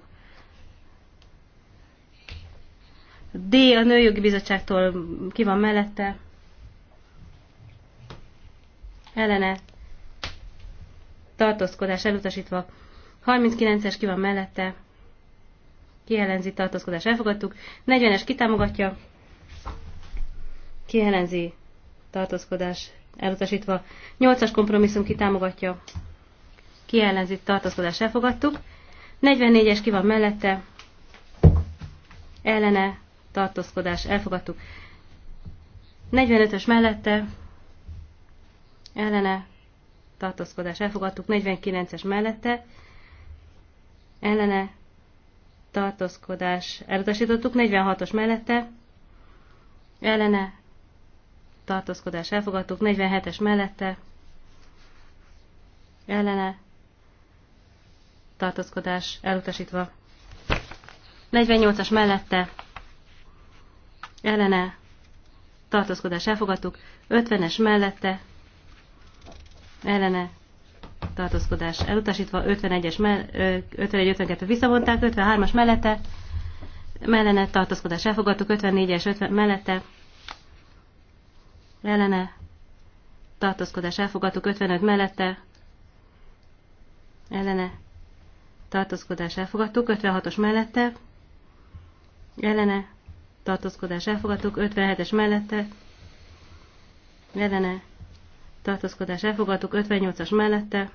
D a Nőjogi Bizottságtól ki van mellette. Ellene tartózkodás elutasítva. 39-es ki van mellette. Kiellenzi tartózkodás elfogadtuk. 40-es kitámogatja. Kiellenzi tartózkodás elutasítva. 8-as kompromisszum kitámogatja. Kiellenzi tartózkodás elfogadtuk. 44-es ki van mellette. Ellene tartózkodás elfogadtuk. 45-ös mellette ellene tartózkodás elfogadtuk, 49-es mellette ellene tartózkodás elutasítottuk, 46-os mellette ellene tartózkodás elfogadtuk, 47-es mellette ellene tartózkodás elutasítva, 48-as mellette ellene tartózkodás elfogadtuk, 50-es mellette ellene tartózkodás elutasítva, 51-es, 51-52 visszavonták, 53-as mellette ellene tartózkodás elfogadtuk, 54-es 50 mellette ellene tartózkodás elfogadtuk, 55 mellette ellene tartózkodás elfogadtuk, 56-os mellette ellene tartózkodás elfogadtuk, 57-es mellette jelene tartózkodás elfogadtuk, 58-as mellette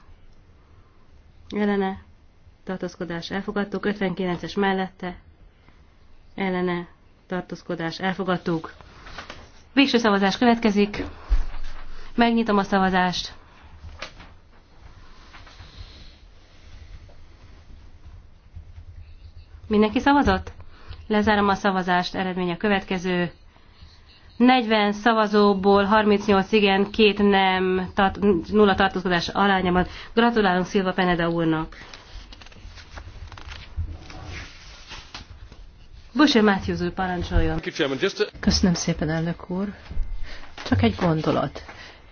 jelene tartózkodás elfogadtuk, 59-es mellette ellene tartózkodás elfogadtuk. Végső szavazás következik. Megnyitom a szavazást. Mindenki szavazott? Lezárom a szavazást, eredménye következő. 40 szavazóból 38 igen, 2 nem, tart, nulla tartózkodás arányában. Gratulálunk Szilva Peneda úrnak. Busher Mátyúz úr parancsoljon. Köszönöm szépen, elnök úr. Csak egy gondolat,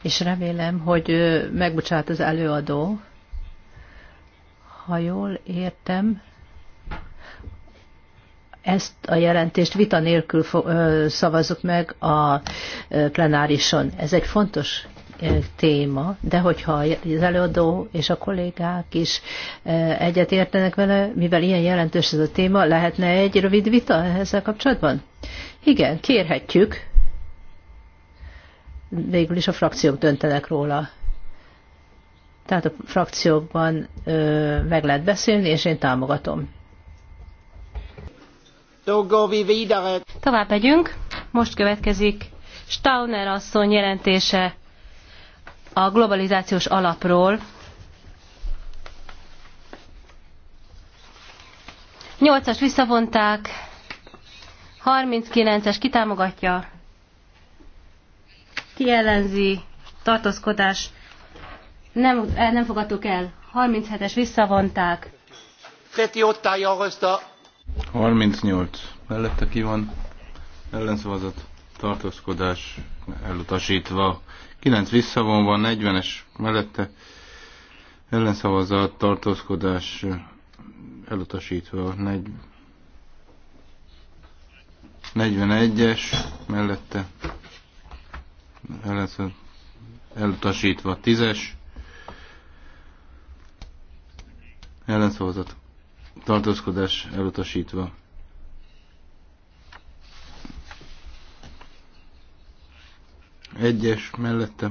és remélem, hogy megbocsát az előadó. Ha jól értem, ezt a jelentést vita nélkül szavazok meg a plenárison. Ez egy fontos téma, de hogyha az előadó és a kollégák is egyet értenek vele, mivel ilyen jelentős ez a téma, lehetne egy rövid vita ezzel kapcsolatban? Igen, kérhetjük. Végül is a frakciók döntenek róla. Tehát a frakciókban ö, meg lehet beszélni, és én támogatom. Tovább megyünk. Most következik Stauner asszony jelentése a globalizációs alapról. Nyolcas visszavonták, 39-es kitámogatja, kiellenzi, tartózkodás, nem, nem fogadtuk el, 37-es visszavonták. 38 38 mellette ki van, ellenszavazat, tartózkodás elutasítva, 9 visszavonva, 40-es mellette, ellenszavazat, tartózkodás elutasítva, 41-es mellette, elutasítva, 10-es, ellenszavazat, tartózkodás elutasítva. Egyes mellette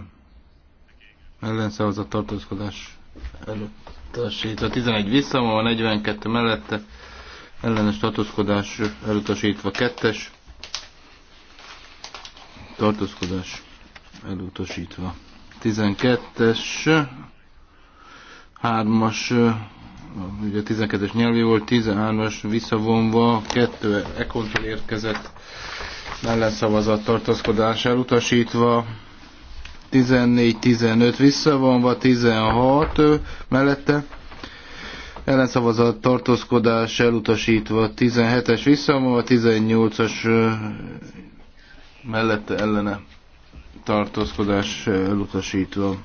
ellenszavazat tartózkodás elutasítva. 11 vissza, 42 mellette ellenes tartózkodás elutasítva. Kettes tartózkodás elutasítva. 12-es, 3-as ugye 12-es nyelvi volt, 13-as visszavonva, kettő ekontól érkezett ellenszavazat tartózkodás utasítva, 14-15 visszavonva, 16 mellette ellenszavazat tartózkodás elutasítva, 17-es visszavonva, 18-as mellette ellene tartózkodás elutasítva.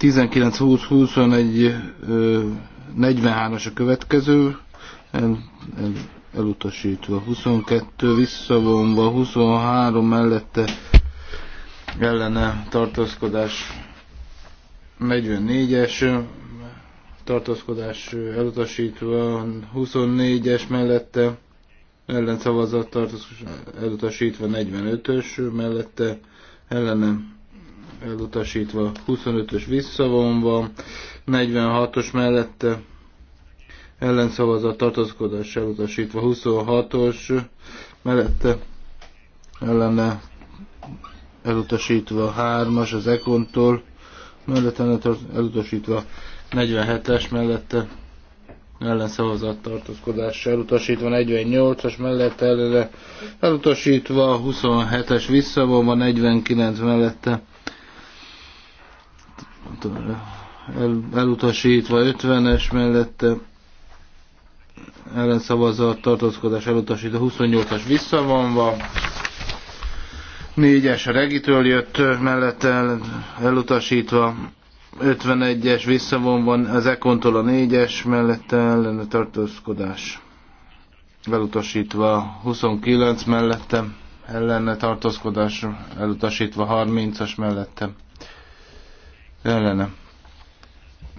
19-20-21 43-as a következő, el, el, elutasítva, 22 visszavonva, 23 mellette ellene tartózkodás, 44-es tartózkodás elutasítva, 24-es mellette ellen szavazat tartózkodás elutasítva, 45-ös mellette ellenem elutasítva, 25-ös visszavonva, 46-os mellette ellenszavazat tartozkodás, elutasítva, 26-os mellette ellene elutasítva, 3-as az Ekontól, mellette elutasítva, 47-es mellette ellenszavazat tartozkodás, elutasítva, 48-as mellette ellene elutasítva, 27-es visszavonva, 49 mellette el, elutasítva 50-es mellette ellenszavazat, tartózkodás elutasítva 28-as visszavonva, 4-es a regitől jött mellette el, elutasítva, 51-es visszavonva az Ekontól a 4-es mellette ellen tartózkodás elutasítva 29 mellette ellenne tartózkodás elutasítva 30-as mellette ellene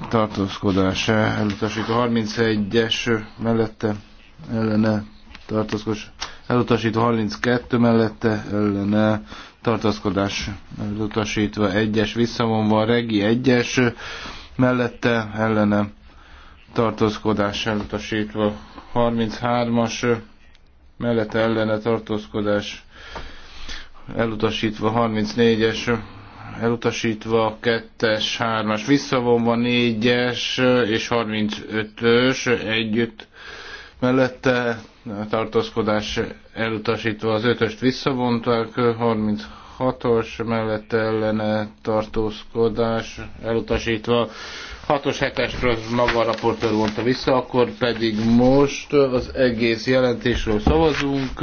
tartózkodás elutasítva. 31-es mellette ellene tartózkodás elutasítva. 32 mellette ellene tartózkodás elutasítva. 1-es visszavonva. Regi 1-es mellette ellene tartózkodás elutasítva. 33-as mellette ellene tartózkodás elutasítva. 34-es elutasítva, 2-es, 3-as, visszavonva 4-es és 35-ös együtt mellette tartózkodás elutasítva az 5-öst visszavonták, 36-os mellette ellene tartózkodás elutasítva, 6-os, 7-esről maga a raportőr vonta vissza, akkor pedig most az egész jelentésről szavazunk.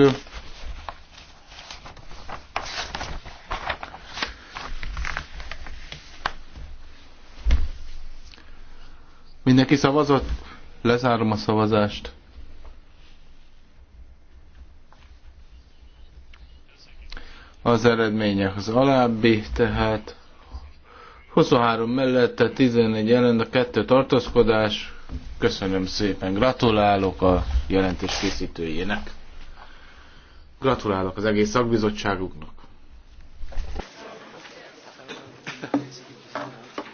Mindenki szavazott? Lezárom a szavazást. Az eredmények az alábbi, tehát 23 mellette, 11 ellen, a kettő tartózkodás. Köszönöm szépen, gratulálok a jelentés készítőjének. Gratulálok az egész szakbizottságuknak.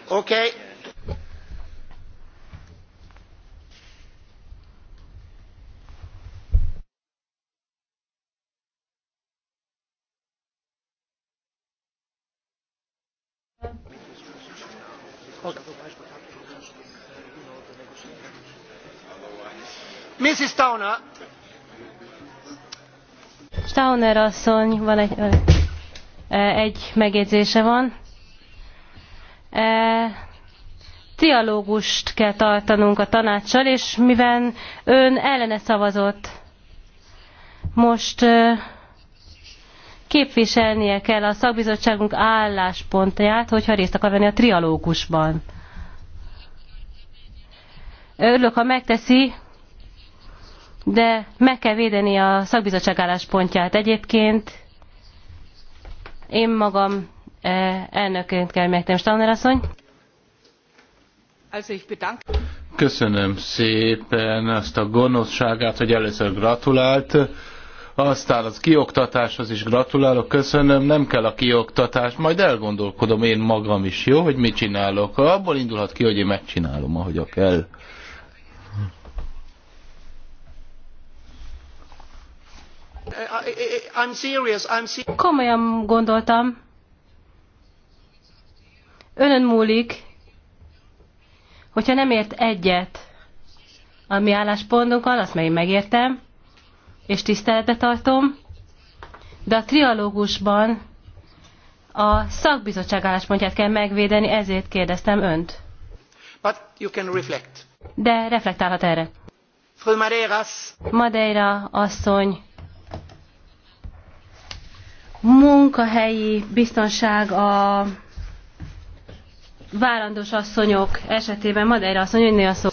Oké. Okay. Mrs. Towner. Stauner asszony, van egy, egy megjegyzése van. E, dialógust kell tartanunk a tanácssal, és mivel ön ellene szavazott, most képviselnie kell a szakbizottságunk álláspontját, hogyha részt akar venni a trialógusban. Örülök, ha megteszi, de meg kell védeni a szakbizottság álláspontját. Egyébként én magam eh, elnökként kell megtenni. Stanner asszony? Köszönöm szépen azt a gonoszságát, hogy először gratulált aztán az kioktatáshoz is gratulálok, köszönöm, nem kell a kioktatás, majd elgondolkodom én magam is, jó, hogy mit csinálok. Abból indulhat ki, hogy én megcsinálom, ahogy a kell. Komolyan gondoltam. Önön múlik, hogyha nem ért egyet a mi álláspontunkkal, azt meg én megértem, és tiszteletbe tartom, de a trialógusban a szakbizottság álláspontját kell megvédeni, ezért kérdeztem önt. But you can reflect. De reflektálhat erre. Madeiras. Madeira asszony munkahelyi biztonság a várandós asszonyok esetében Madeira asszony, hogy a szó.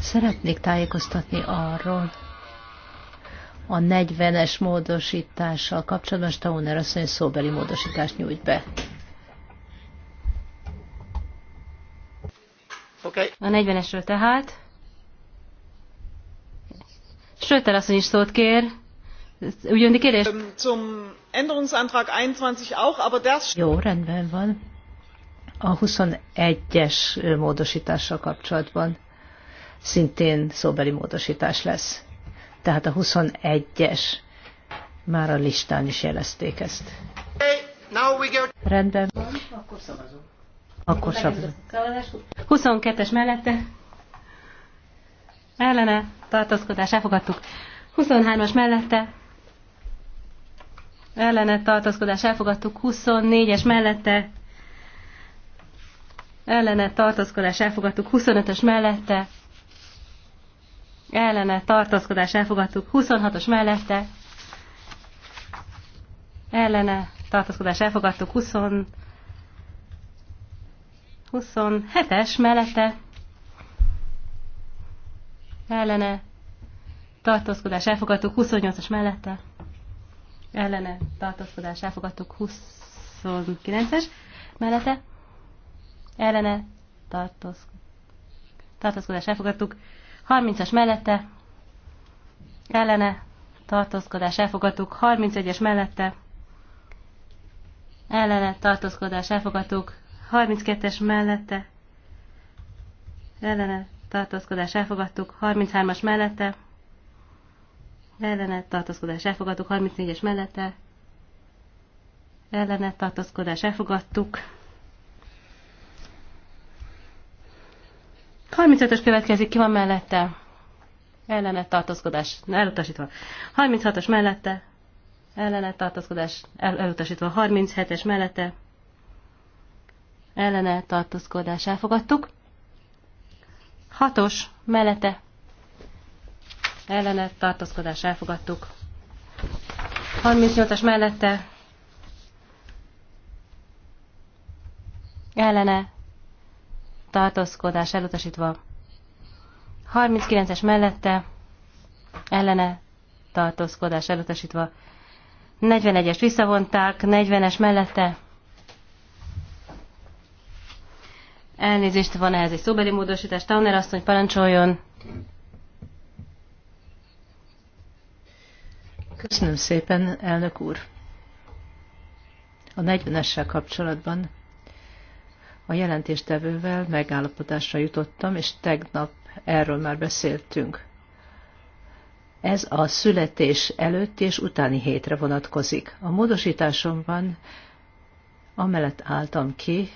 Szeretnék tájékoztatni arról, a 40-es módosítással kapcsolatban Stauner asszony szóbeli módosítást nyújt be. Okay. A 40-esről tehát. Schröter asszony is szót kér. Ügyöndi kérdés? Ähm, zum Änderungsantrag 21 auch, aber das... Jó, rendben van. A 21-es módosítással kapcsolatban szintén szóbeli módosítás lesz. Tehát a 21-es. Már a listán is jelezték ezt. Rendben. Akkor szavazunk. Akkor szavazunk. 22-es mellette. Ellene. Tartózkodás. Elfogadtuk. 23-as mellette ellenet tartózkodás elfogadtuk, 24-es mellette ellenet tartózkodás elfogadtuk, 25-ös mellette ellenet tartózkodás elfogadtuk, 26-os mellette ellene tartózkodás elfogadtuk, 20 27-es mellette ellene tartózkodás elfogadtuk, 28-as mellette ellene tartózkodás elfogadtuk 29-es mellette, ellene tartózkodás, tartózkodás elfogadtuk 30-as mellette, ellene tartózkodás elfogadtuk 31-es mellette, ellene tartózkodás elfogadtuk 32-es mellette, ellene tartózkodás elfogadtuk 33-as mellette, Ellenet tartózkodás elfogadtuk, 34-es mellette Ellenet tartózkodás elfogadtuk. 35-ös következik, ki van mellette? Ellenet tartózkodás elutasítva. 36-os mellette Ellenet tartózkodás el, elutasítva. 37-es mellette Ellenet tartózkodás elfogadtuk. 6-os mellette ellene tartózkodás elfogadtuk. 38-as mellette ellene tartózkodás elutasítva. 39-es mellette ellene tartózkodás elutasítva. 41-es visszavonták, 40-es mellette Elnézést, van ehhez egy szóbeli módosítás. Tauner asszony parancsoljon. Köszönöm szépen, elnök úr. A 40-essel kapcsolatban a jelentéstevővel megállapodásra jutottam, és tegnap erről már beszéltünk. Ez a születés előtti és utáni hétre vonatkozik. A módosításomban amellett álltam ki,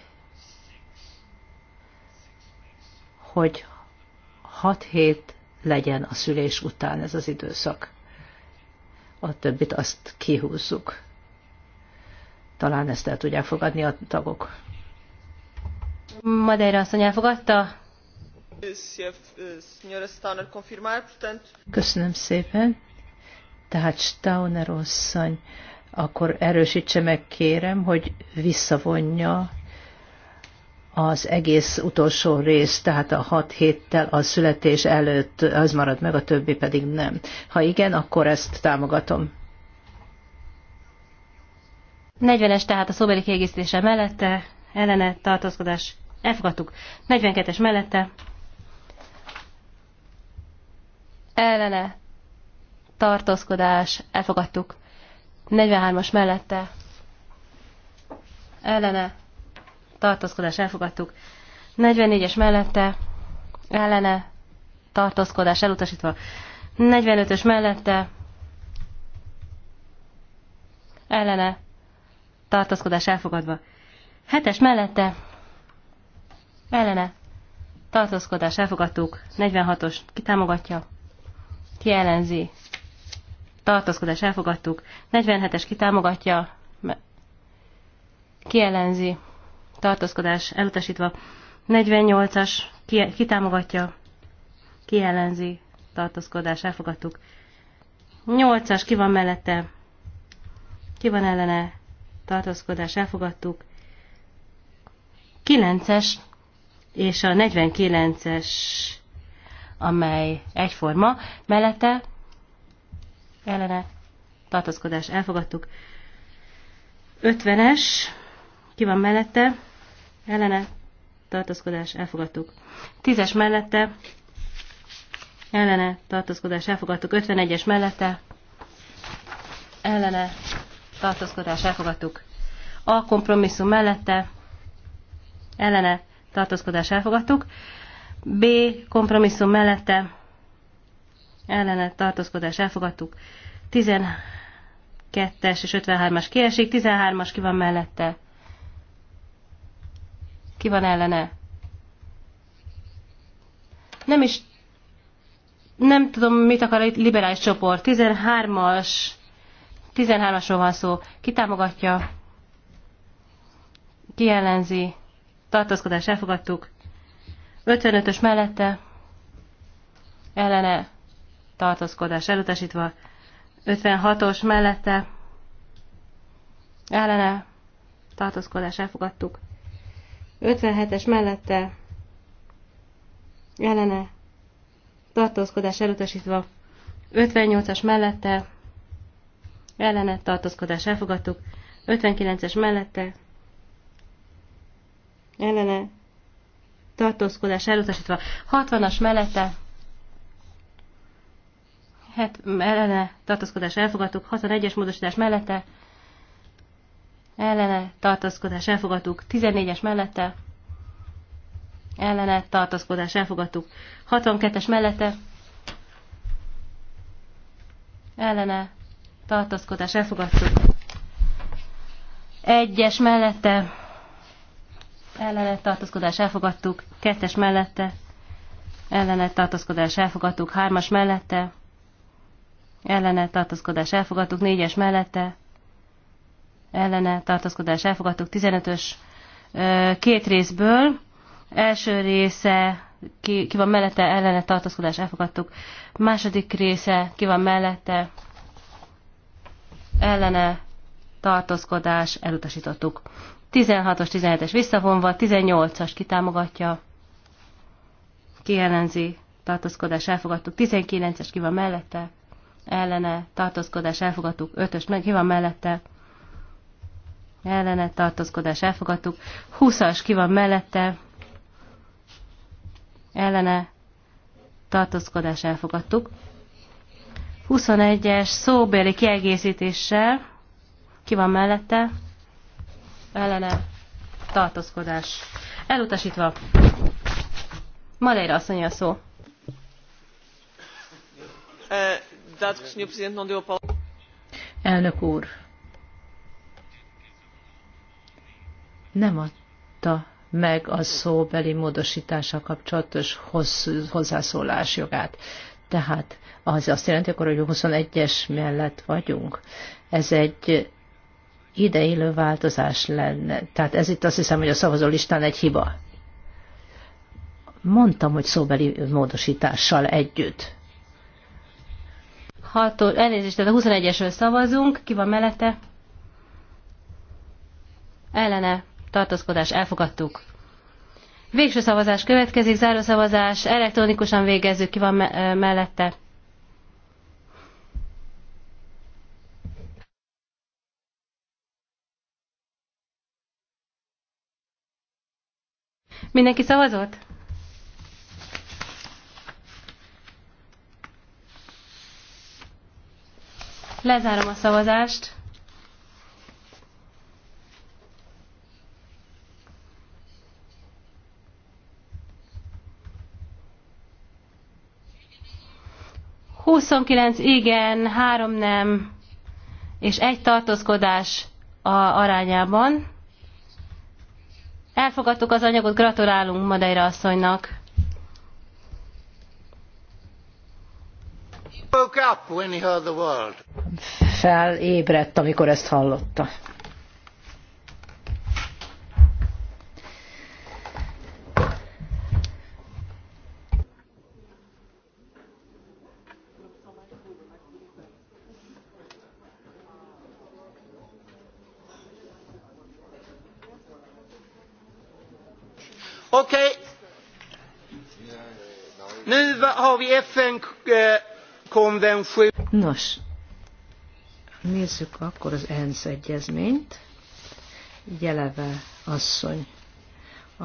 hogy 6 hét legyen a szülés után ez az időszak a többit azt kihúzzuk. Talán ezt el tudják fogadni a tagok. Madeira asszony elfogadta? Köszönöm szépen. Tehát Stauner asszony, akkor erősítse meg kérem, hogy visszavonja az egész utolsó rész, tehát a hat héttel a születés előtt az marad meg, a többi pedig nem. Ha igen, akkor ezt támogatom. 40-es tehát a szóbeli kiegészítése mellette, ellene tartózkodás elfogadtuk. 42-es mellette, ellene tartózkodás elfogadtuk. 43-as mellette, ellene tartózkodás elfogadtuk. 44-es mellette ellene tartózkodás elutasítva. 45-ös mellette ellene tartózkodás elfogadva. 7-es mellette ellene tartózkodás elfogadtuk. 46-os kitámogatja, kiellenzi. Tartózkodás elfogadtuk. 47-es kitámogatja, kiellenzi tartózkodás elutasítva. 48-as ki, ki támogatja, ki ellenzi, tartózkodás elfogadtuk. 8-as ki van mellette, ki van ellene, tartózkodás elfogadtuk. 9-es és a 49-es, amely egyforma, mellette ellene tartózkodás elfogadtuk. 50-es, ki van mellette, ellene tartózkodás elfogadtuk. Tízes mellette ellene tartózkodás elfogadtuk. 51-es mellette ellene tartózkodás elfogadtuk. A kompromisszum mellette ellene tartózkodás elfogadtuk. B kompromisszum mellette ellene tartózkodás elfogadtuk. 12-es és 53-as kiesik, 13-as ki van mellette ki van ellene? Nem is nem tudom, mit akar a liberális csoport. 13-as 13-asról van szó. Ki támogatja? Ki ellenzi? Tartózkodás elfogadtuk. 55-ös mellette ellene tartózkodás elutasítva. 56-os mellette ellene tartózkodás elfogadtuk. 57-es mellette ellene tartózkodás elutasítva, 58-as mellette ellene tartózkodás elfogadtuk, 59-es mellette ellene tartózkodás elutasítva, 60-as mellette ellene tartózkodás elfogadtuk, 61-es módosítás mellette ellene tartózkodás elfogadtuk, 14-es mellette ellene tartózkodás elfogadtuk, 62-es mellette ellene tartózkodás elfogadtuk, 1-es mellette ellene tartózkodás elfogadtuk, 2-es mellette ellene tartózkodás elfogadtuk, 3-as mellette ellene tartózkodás elfogadtuk, 4-es mellette ellene tartózkodás elfogadtuk 15-ös két részből. Első része ki, ki van mellette, ellene tartózkodás elfogadtuk. Második része ki van mellette, ellene tartózkodás elutasítottuk. 16-os, 17-es visszavonva, 18-as kitámogatja, kiellenzi, tartózkodás elfogadtuk. 19-es ki van mellette, ellene tartózkodás elfogadtuk. 5-ös meg ki van mellette, ellene tartózkodás elfogadtuk. 20-as ki van mellette, ellene tartózkodás elfogadtuk. 21-es szóbéli kiegészítéssel ki van mellette, ellene tartózkodás elutasítva. Maléra asszony a szó. Eh, Elnök úr, nem adta meg a szóbeli módosítása kapcsolatos hosszú, hozzászólás jogát. Tehát az azt jelenti akkor, hogy 21-es mellett vagyunk. Ez egy ideillő változás lenne. Tehát ez itt azt hiszem, hogy a szavazó listán egy hiba. Mondtam, hogy szóbeli módosítással együtt. Ható, elnézést, tehát a 21-esről szavazunk. Ki van mellette? Ellene tartózkodás elfogadtuk. Végső szavazás következik, záró szavazás, elektronikusan végezzük, ki van me mellette. Mindenki szavazott? Lezárom a szavazást. 29 igen, 3 nem, és egy tartózkodás a arányában. Elfogadtuk az anyagot, gratulálunk Madeira asszonynak. Felébredt, amikor ezt hallotta. Okej. Okay. Nu har vi FN-konvention. Eh, Nos, nézzük akkor az ENSZ egyezményt. Jeleve asszony a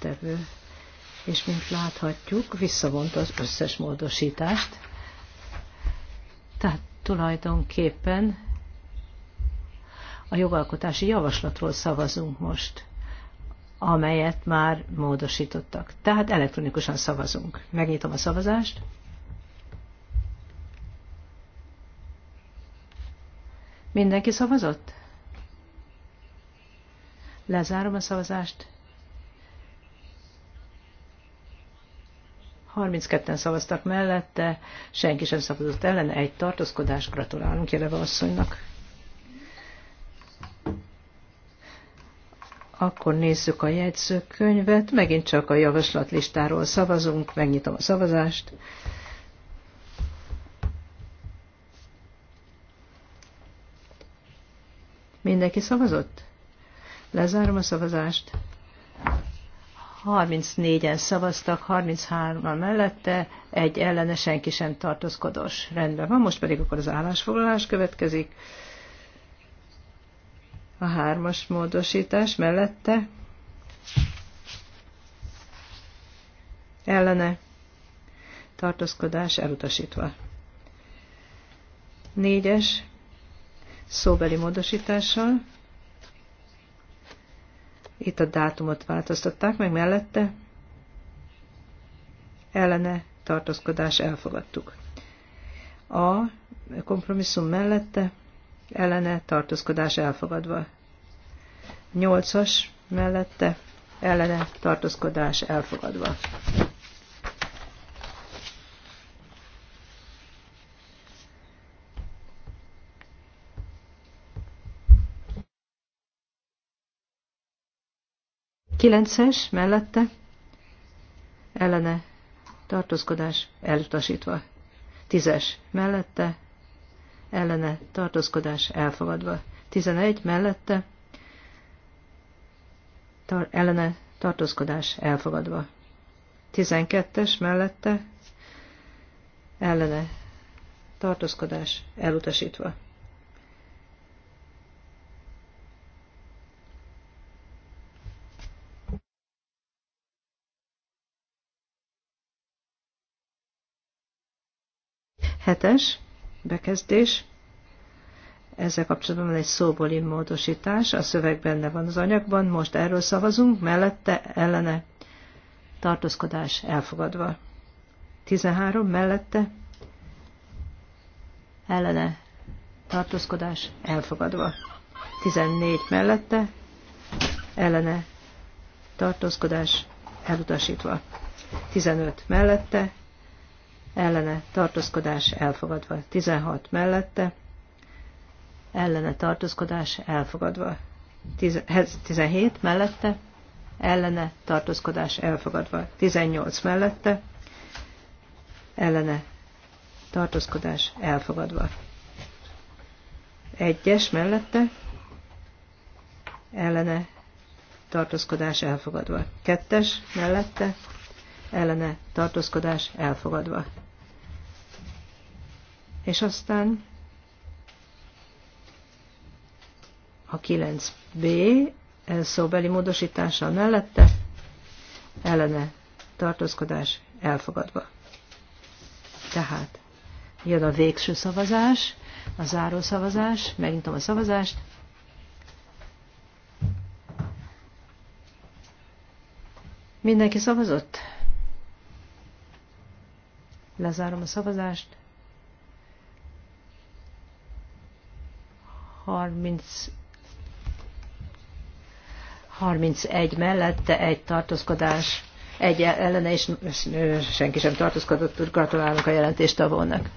tevő, és mint láthatjuk, visszavonta az összes módosítást. Tehát tulajdonképpen a jogalkotási javaslatról szavazunk most amelyet már módosítottak. Tehát elektronikusan szavazunk. Megnyitom a szavazást. Mindenki szavazott? Lezárom a szavazást. 32-en szavaztak mellette, senki sem szavazott ellen, egy tartózkodás. Gratulálunk Jeleve asszonynak. Akkor nézzük a jegyzőkönyvet. Megint csak a javaslatlistáról szavazunk. Megnyitom a szavazást. Mindenki szavazott? Lezárom a szavazást. 34-en szavaztak, 33-an mellette, egy ellene senki sem tartozkodós. Rendben van, most pedig akkor az állásfoglalás következik a hármas módosítás mellette ellene tartózkodás elutasítva. Négyes szóbeli módosítással. Itt a dátumot változtatták meg mellette. Ellene tartózkodás elfogadtuk. A kompromisszum mellette ellene tartózkodás elfogadva. Nyolcas mellette ellene tartózkodás elfogadva. Kilences mellette ellene tartózkodás elutasítva. Tízes mellette ellene tartózkodás elfogadva. Tizenegy mellette tar- ellene tartózkodás elfogadva. 12-es mellette ellene tartózkodás elutasítva. Hetes bekezdés ezzel kapcsolatban van egy szóbóli módosítás, a szöveg benne van az anyagban, most erről szavazunk, mellette ellene tartózkodás elfogadva. 13 mellette ellene tartózkodás elfogadva. 14 mellette ellene tartózkodás elutasítva. 15 mellette ellene tartózkodás elfogadva. 16 mellette ellene tartózkodás elfogadva. 17 mellette ellene tartózkodás elfogadva. 18 mellette ellene tartózkodás elfogadva. Egyes mellette ellene tartózkodás elfogadva. Kettes mellette ellene tartózkodás elfogadva. És aztán a 9B eh, szóbeli módosítása mellette ellene tartózkodás elfogadva. Tehát jön a végső szavazás, a záró szavazás, megnyitom a szavazást. Mindenki szavazott? Lezárom a szavazást. 31 mellette, egy tartózkodás, egy ellene, és senki sem tartózkodott. Gratulálunk a jelentéstevónak.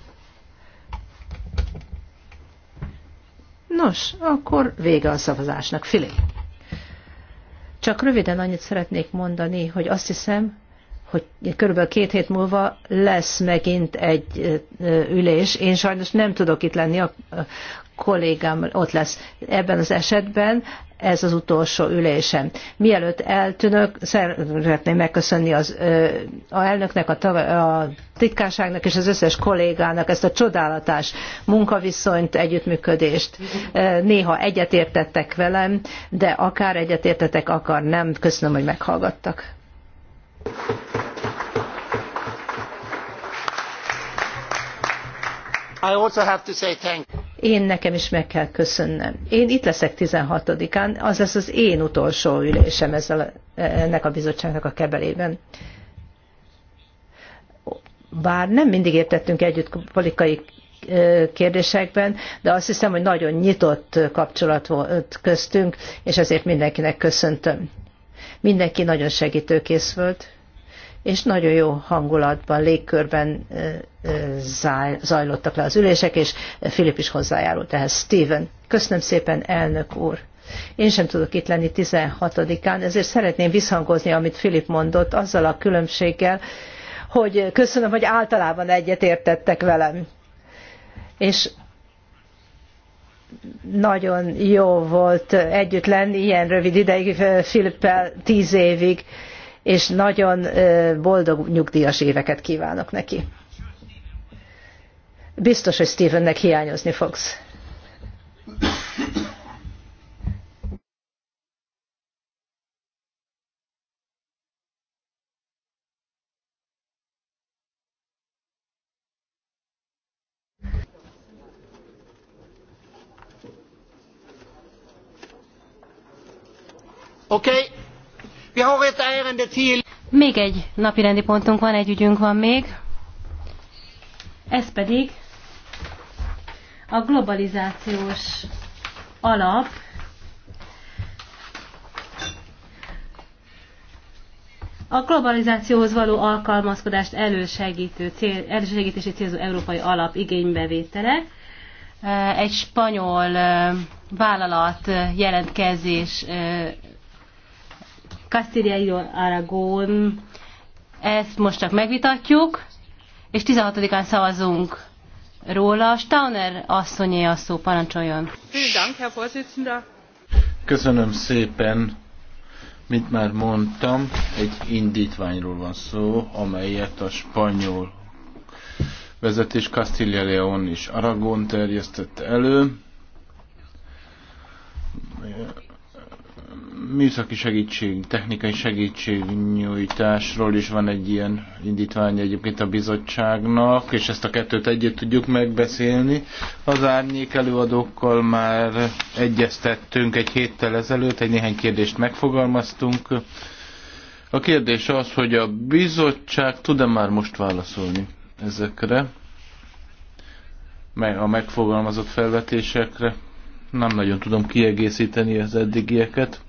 Nos, akkor vége a szavazásnak. Filip. Csak röviden annyit szeretnék mondani, hogy azt hiszem, hogy körülbelül két hét múlva lesz megint egy ülés. Én sajnos nem tudok itt lenni, a kollégám ott lesz. Ebben az esetben ez az utolsó ülésem. Mielőtt eltűnök, szeretném megköszönni az a elnöknek, a, a titkárságnak és az összes kollégának ezt a csodálatos munkaviszonyt, együttműködést. Néha egyetértettek velem, de akár egyetértetek, akár nem. Köszönöm, hogy meghallgattak. I also have to say thank én nekem is meg kell köszönnöm. Én itt leszek 16-án, az lesz az én utolsó ülésem ezzel, ennek a bizottságnak a kebelében. Bár nem mindig értettünk együtt politikai kérdésekben, de azt hiszem, hogy nagyon nyitott kapcsolat volt köztünk, és ezért mindenkinek köszöntöm. Mindenki nagyon segítőkész volt és nagyon jó hangulatban, légkörben zajlottak le az ülések, és Filip is hozzájárult ehhez. Steven, köszönöm szépen, elnök úr! Én sem tudok itt lenni 16-án, ezért szeretném visszhangozni, amit Filip mondott, azzal a különbséggel, hogy köszönöm, hogy általában egyetértettek velem. És nagyon jó volt együtt lenni ilyen rövid ideig, Filippel tíz évig és nagyon boldog nyugdíjas éveket kívánok neki. Biztos, hogy Stephennek hiányozni fogsz. Még egy napirendi pontunk van, egy ügyünk van még. Ez pedig a globalizációs alap a globalizációhoz való alkalmazkodást elősegítő, cél, elősegítési célzó európai alap igénybevétele. Egy spanyol vállalat jelentkezés Castilla y Aragón, ezt most csak megvitatjuk, és 16-án szavazunk róla. Stauner asszonyé a szó, parancsoljon. Köszönöm szépen. Mint már mondtam, egy indítványról van szó, amelyet a spanyol vezetés Castilla León és Aragón terjesztett elő műszaki segítség, technikai segítségnyújtásról is van egy ilyen indítvány egyébként a bizottságnak, és ezt a kettőt együtt tudjuk megbeszélni. Az árnyék előadókkal már egyeztettünk egy héttel ezelőtt, egy néhány kérdést megfogalmaztunk. A kérdés az, hogy a bizottság tud-e már most válaszolni ezekre, meg a megfogalmazott felvetésekre. Nem nagyon tudom kiegészíteni az eddigieket.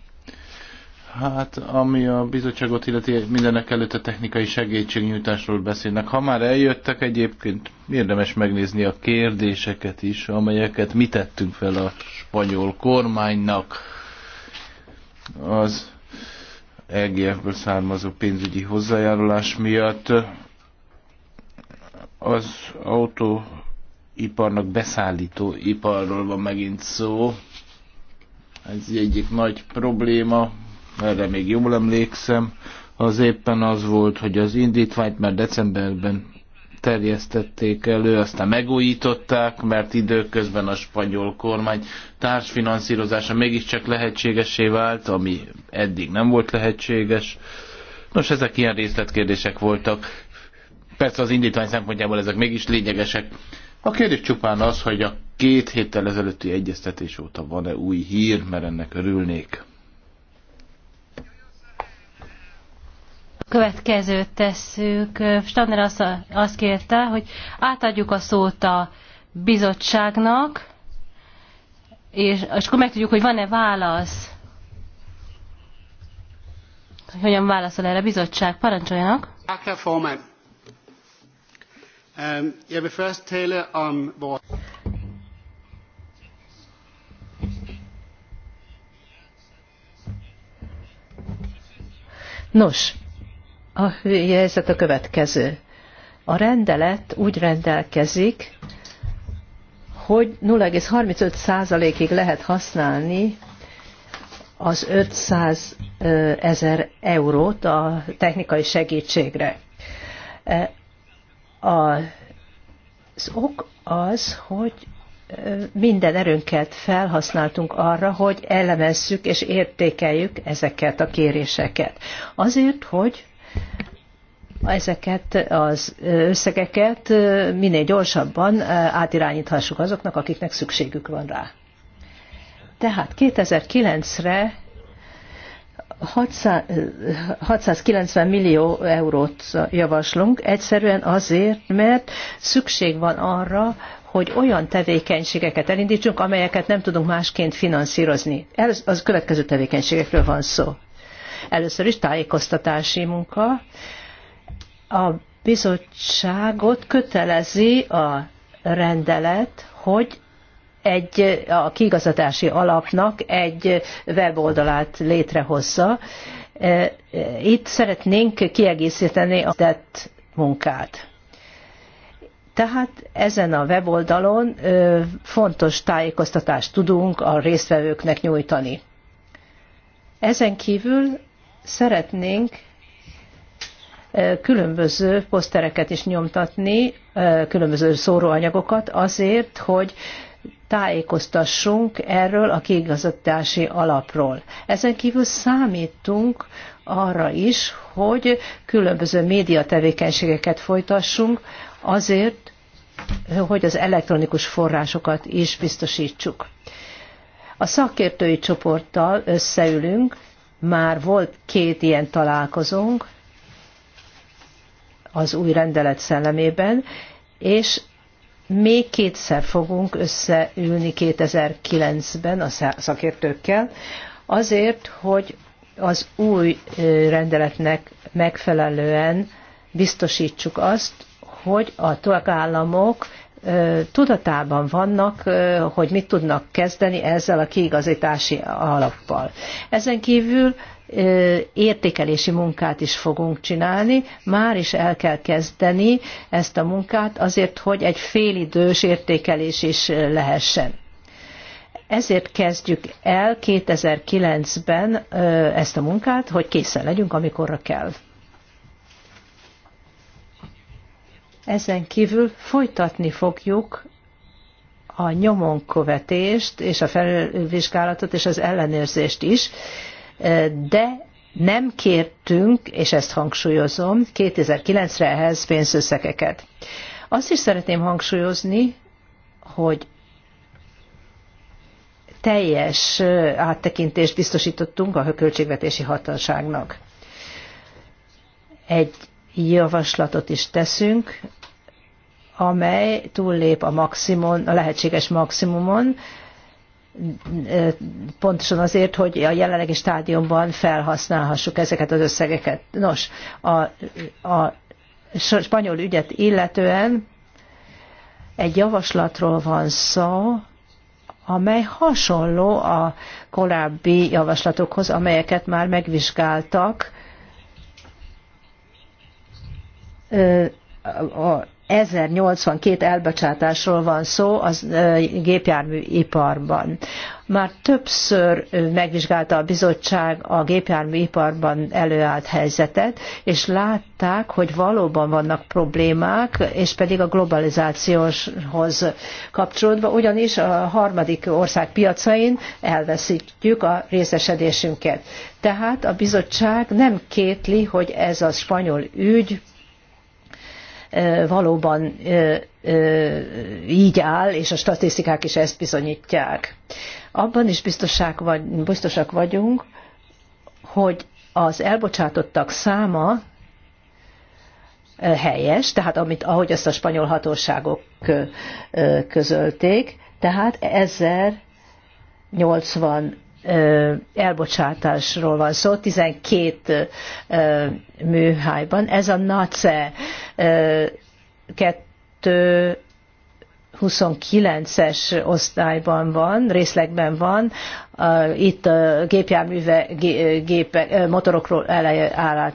Hát, ami a bizottságot illeti, mindenek előtt a technikai segítségnyújtásról beszélnek. Ha már eljöttek egyébként, érdemes megnézni a kérdéseket is, amelyeket mi tettünk fel a spanyol kormánynak az EGF-ből származó pénzügyi hozzájárulás miatt az autóiparnak beszállító iparról van megint szó. Ez egyik nagy probléma, erre még jól emlékszem, az éppen az volt, hogy az indítványt már decemberben terjesztették elő, aztán megújították, mert időközben a spanyol kormány társfinanszírozása mégiscsak lehetségesé vált, ami eddig nem volt lehetséges. Nos, ezek ilyen részletkérdések voltak. Persze az indítvány szempontjából ezek mégis lényegesek. A kérdés csupán az, hogy a két héttel ezelőtti egyeztetés óta van-e új hír, mert ennek örülnék. Következőt tesszük. Stanner azt, azt kérte, hogy átadjuk a szót a bizottságnak, és, és akkor megtudjuk, hogy van-e válasz. Hogy hogyan válaszol erre a bizottság? Parancsoljanak! Um, um, Nos, a helyzet a következő. A rendelet úgy rendelkezik, hogy 0,35%-ig lehet használni az 500 ezer eurót a technikai segítségre. E, az ok az, hogy minden erőnket felhasználtunk arra, hogy elemezzük és értékeljük ezeket a kéréseket. Azért, hogy ezeket az összegeket minél gyorsabban átirányíthassuk azoknak, akiknek szükségük van rá. Tehát 2009-re 690 millió eurót javaslunk, egyszerűen azért, mert szükség van arra, hogy olyan tevékenységeket elindítsunk, amelyeket nem tudunk másként finanszírozni. Ez az következő tevékenységekről van szó. Először is tájékoztatási munka. A bizottságot kötelezi a rendelet, hogy egy, a kiigazatási alapnak egy weboldalát létrehozza. E, itt szeretnénk kiegészíteni a tett munkát. Tehát ezen a weboldalon fontos tájékoztatást tudunk a résztvevőknek nyújtani. Ezen kívül Szeretnénk különböző posztereket is nyomtatni, különböző szóróanyagokat azért, hogy tájékoztassunk erről a kiigazítási alapról. Ezen kívül számítunk arra is, hogy különböző média tevékenységeket folytassunk azért, hogy az elektronikus forrásokat is biztosítsuk. A szakértői csoporttal összeülünk, már volt két ilyen találkozónk az új rendelet szellemében, és még kétszer fogunk összeülni 2009-ben a szakértőkkel, azért, hogy az új rendeletnek megfelelően biztosítsuk azt, hogy a tagállamok tudatában vannak, hogy mit tudnak kezdeni ezzel a kiigazítási alappal. Ezen kívül értékelési munkát is fogunk csinálni, már is el kell kezdeni ezt a munkát azért, hogy egy félidős értékelés is lehessen. Ezért kezdjük el 2009-ben ezt a munkát, hogy készen legyünk, amikorra kell. Ezen kívül folytatni fogjuk a nyomonkövetést és a felülvizsgálatot és az ellenőrzést is, de nem kértünk, és ezt hangsúlyozom, 2009-re ehhez pénzösszegeket. Azt is szeretném hangsúlyozni, hogy teljes áttekintést biztosítottunk a költségvetési hatóságnak. Egy javaslatot is teszünk amely túllép a, maximon, a lehetséges maximumon, pontosan azért, hogy a jelenlegi stádiumban felhasználhassuk ezeket az összegeket. Nos, a, a spanyol ügyet illetően egy javaslatról van szó, amely hasonló a korábbi javaslatokhoz, amelyeket már megvizsgáltak 1082 elbocsátásról van szó a gépjárműiparban. Már többször megvizsgálta a bizottság a gépjárműiparban előállt helyzetet, és látták, hogy valóban vannak problémák, és pedig a globalizációhoz kapcsolódva, ugyanis a harmadik ország piacain elveszítjük a részesedésünket. Tehát a bizottság nem kétli, hogy ez a spanyol ügy valóban így áll, és a statisztikák is ezt bizonyítják. Abban is biztosak, vagy, biztosak vagyunk, hogy az elbocsátottak száma helyes, tehát amit, ahogy ezt a spanyol hatóságok közölték, tehát 1080 elbocsátásról van szó, 12 műhelyban. Ez a NACE 2 29-es osztályban van, részlegben van. Itt gépjárműve, gépe, motorokról elejárát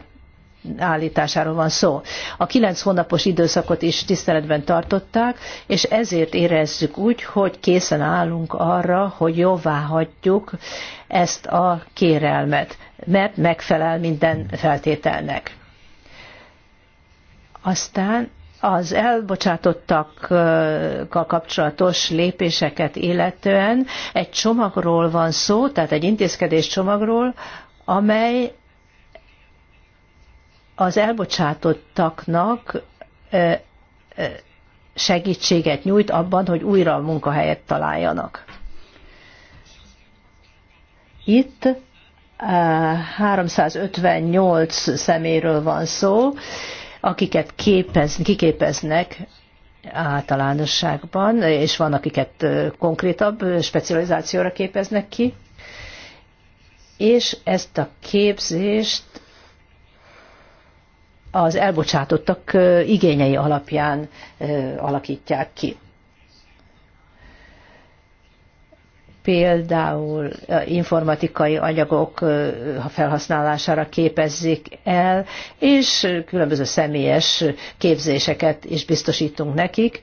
állításáról van szó. A kilenc hónapos időszakot is tiszteletben tartották, és ezért érezzük úgy, hogy készen állunk arra, hogy jóvá hagyjuk ezt a kérelmet, mert megfelel minden feltételnek. Aztán az elbocsátottakkal kapcsolatos lépéseket illetően egy csomagról van szó, tehát egy intézkedés csomagról, amely az elbocsátottaknak segítséget nyújt abban, hogy újra a munkahelyet találjanak. Itt 358 szeméről van szó, akiket képez, kiképeznek általánosságban, és van, akiket konkrétabb specializációra képeznek ki, és ezt a képzést az elbocsátottak igényei alapján alakítják ki. például informatikai anyagok felhasználására képezzék el, és különböző személyes képzéseket is biztosítunk nekik,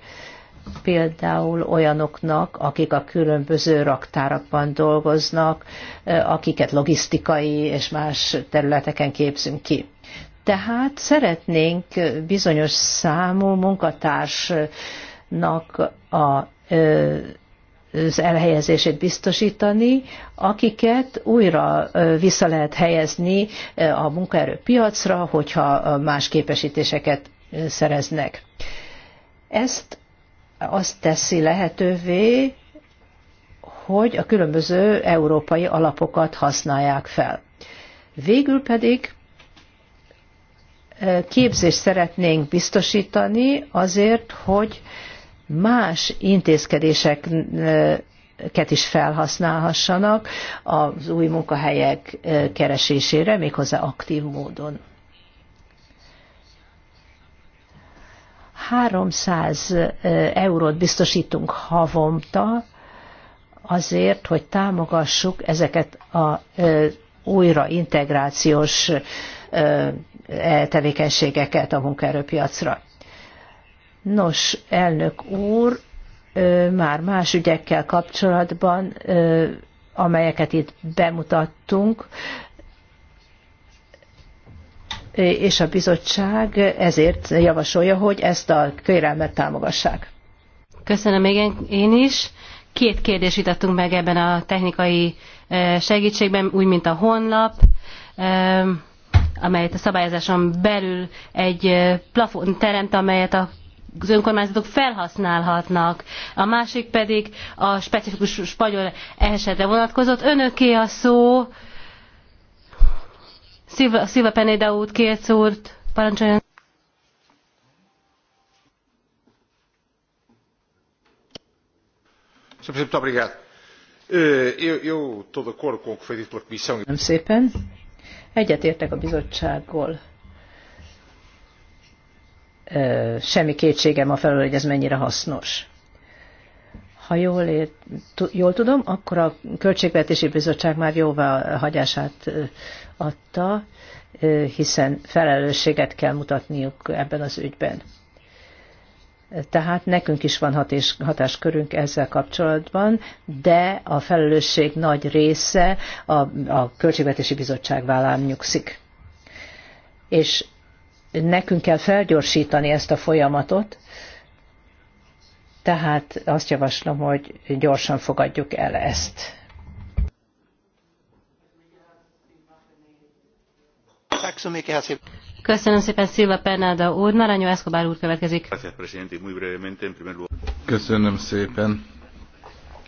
például olyanoknak, akik a különböző raktárakban dolgoznak, akiket logisztikai és más területeken képzünk ki. Tehát szeretnénk bizonyos számú munkatársnak a az elhelyezését biztosítani, akiket újra vissza lehet helyezni a munkaerőpiacra, hogyha más képesítéseket szereznek. Ezt azt teszi lehetővé, hogy a különböző európai alapokat használják fel. Végül pedig képzést szeretnénk biztosítani azért, hogy más intézkedéseket is felhasználhassanak az új munkahelyek keresésére, méghozzá aktív módon. 300 eurót biztosítunk havonta azért, hogy támogassuk ezeket a újraintegrációs E, tevékenységeket a munkaerőpiacra. Nos, elnök úr, már más ügyekkel kapcsolatban, amelyeket itt bemutattunk, és a bizottság ezért javasolja, hogy ezt a kérelmet támogassák. Köszönöm igen, én is. Két kérdést jutottunk meg ebben a technikai segítségben, úgy mint a honlap amelyet a szabályozáson belül egy plafon teremt, amelyet a az önkormányzatok felhasználhatnak. A másik pedig a specifikus spanyol esetre vonatkozott. Önöké a szó. Szilva, Szilva Peneda út, két szúrt. parancsoljon. Köszönöm szépen. Egyetértek a bizottsággal. Semmi kétségem a felől, hogy ez mennyire hasznos. Ha jól, ért, jól tudom, akkor a Költségvetési Bizottság már jóvá hagyását adta, hiszen felelősséget kell mutatniuk ebben az ügyben. Tehát nekünk is van hatás, hatáskörünk ezzel kapcsolatban, de a felelősség nagy része a, a Költségvetési Bizottság vállán nyugszik. És nekünk kell felgyorsítani ezt a folyamatot, tehát azt javaslom, hogy gyorsan fogadjuk el ezt. Köszönöm szépen Szilva Pernáda úr, Naranyó Eszkobár úr következik. Köszönöm szépen.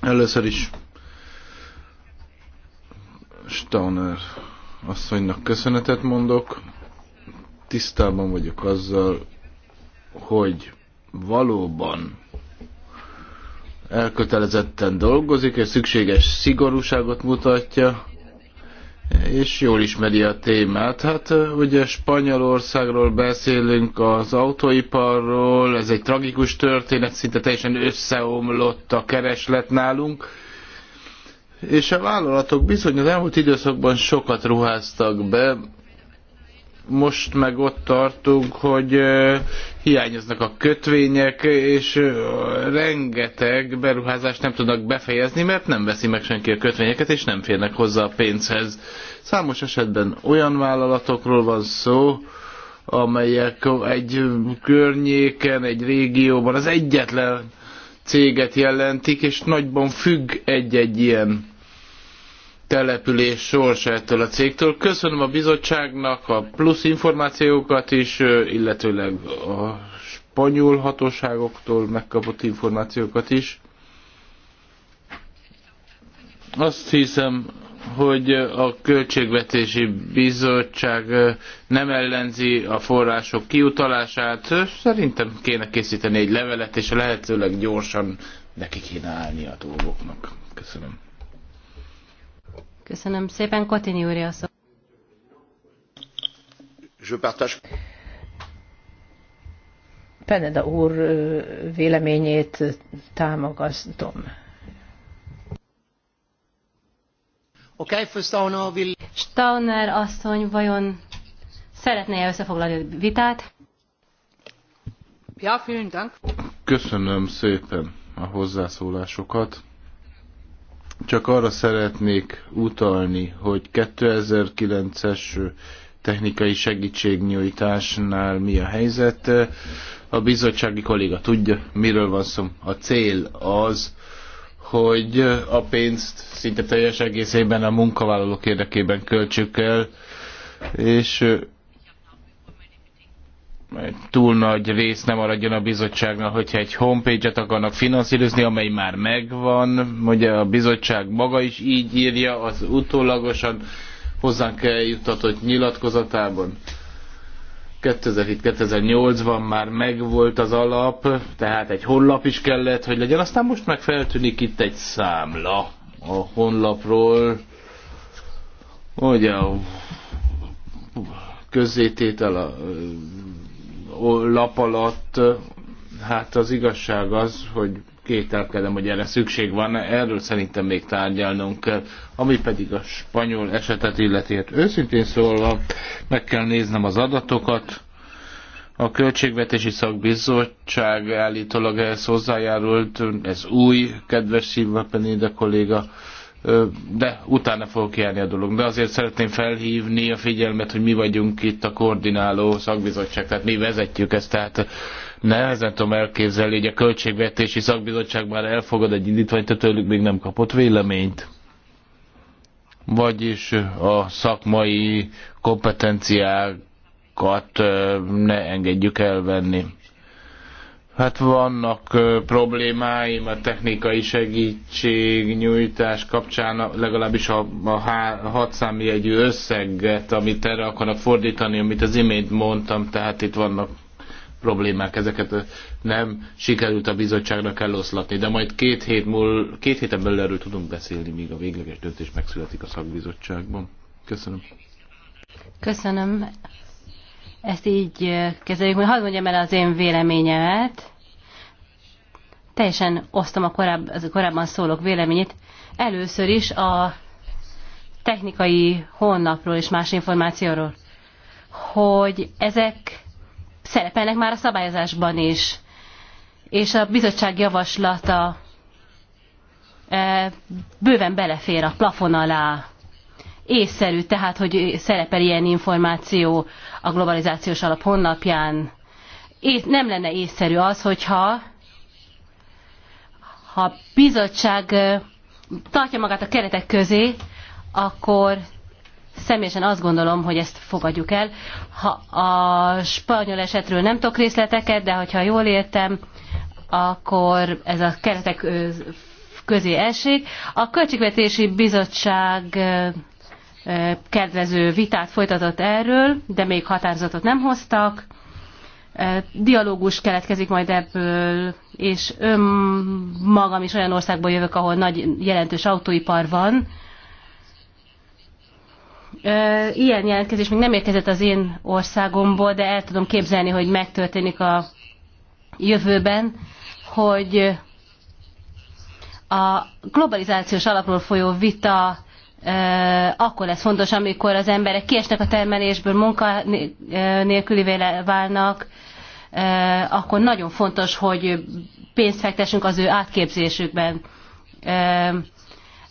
Először is Stauner asszonynak köszönetet mondok. Tisztában vagyok azzal, hogy valóban elkötelezetten dolgozik, és szükséges szigorúságot mutatja, és jól ismeri a témát. Hát ugye Spanyolországról beszélünk, az autóiparról, ez egy tragikus történet, szinte teljesen összeomlott a kereslet nálunk, és a vállalatok bizony az elmúlt időszakban sokat ruháztak be most meg ott tartunk, hogy hiányoznak a kötvények, és rengeteg beruházást nem tudnak befejezni, mert nem veszi meg senki a kötvényeket, és nem férnek hozzá a pénzhez. Számos esetben olyan vállalatokról van szó, amelyek egy környéken, egy régióban az egyetlen céget jelentik, és nagyban függ egy-egy ilyen település sorsa ettől a cégtől. Köszönöm a bizottságnak a plusz információkat is, illetőleg a spanyol hatóságoktól megkapott információkat is. Azt hiszem, hogy a Költségvetési Bizottság nem ellenzi a források kiutalását. Szerintem kéne készíteni egy levelet, és lehetőleg gyorsan neki kéne állni a dolgoknak. Köszönöm. Köszönöm szépen. Kotini úr, a szó. Peneda úr véleményét támogatom. Okay, Stauner, will... Stauner asszony vajon szeretné -e összefoglalni a vitát? Ja, vielen Dank. Köszönöm szépen a hozzászólásokat. Csak arra szeretnék utalni, hogy 2009-es technikai segítségnyújtásnál mi a helyzet. A bizottsági kolléga tudja, miről van szó. A cél az, hogy a pénzt szinte teljes egészében a munkavállalók érdekében költsük el, és túl nagy rész nem maradjon a bizottságnak, hogyha egy homepage-et akarnak finanszírozni, amely már megvan, ugye a bizottság maga is így írja, az utólagosan hozzánk eljuttatott nyilatkozatában. 2007-2008-ban már megvolt az alap, tehát egy honlap is kellett, hogy legyen. Aztán most meg feltűnik itt egy számla a honlapról, hogy a közzététel a lap alatt, hát az igazság az, hogy kételkedem, hogy erre szükség van, erről szerintem még tárgyalnunk kell. Ami pedig a spanyol esetet illeti, hát őszintén szólva meg kell néznem az adatokat, a Költségvetési Szakbizottság állítólag ehhez hozzájárult, ez új, kedves Silva a kolléga, de utána fogok járni a dolog. De azért szeretném felhívni a figyelmet, hogy mi vagyunk itt a koordináló szakbizottság, tehát mi vezetjük ezt, tehát nehezen tudom elképzelni, hogy a költségvetési szakbizottság már elfogad egy indítványt, de tőlük még nem kapott véleményt. Vagyis a szakmai kompetenciákat ne engedjük elvenni Hát vannak problémáim a technikai segítség nyújtás kapcsán, legalábbis a, a számjegyű összeget, amit erre akarnak fordítani, amit az imént mondtam, tehát itt vannak problémák, ezeket nem sikerült a bizottságnak eloszlatni, de majd két, hét múl, két héten belül erről tudunk beszélni, míg a végleges döntés megszületik a szakbizottságban. Köszönöm. Köszönöm ezt így kezeljük. Hogy hadd mondjam el az én véleményemet. Teljesen osztom a koráb, az korábban szólók véleményét. Először is a technikai honlapról és más információról, hogy ezek szerepelnek már a szabályozásban is, és a bizottság javaslata bőven belefér a plafon alá. Észszerű tehát, hogy szerepel ilyen információ a globalizációs alap honlapján. És nem lenne észszerű az, hogyha ha a bizottság tartja magát a keretek közé, akkor személyesen azt gondolom, hogy ezt fogadjuk el. Ha a spanyol esetről nem tudok részleteket, de hogyha jól értem, akkor ez a keretek közé esik. A Költségvetési Bizottság kedvező vitát folytatott erről, de még határozatot nem hoztak. Dialógus keletkezik majd ebből, és ön magam is olyan országból jövök, ahol nagy jelentős autóipar van. Ilyen jelentkezés még nem érkezett az én országomból, de el tudom képzelni, hogy megtörténik a jövőben, hogy a globalizációs alapról folyó vita akkor lesz fontos, amikor az emberek kiesnek a termelésből, munkanélkülivé válnak, akkor nagyon fontos, hogy pénzt fektessünk az ő átképzésükben.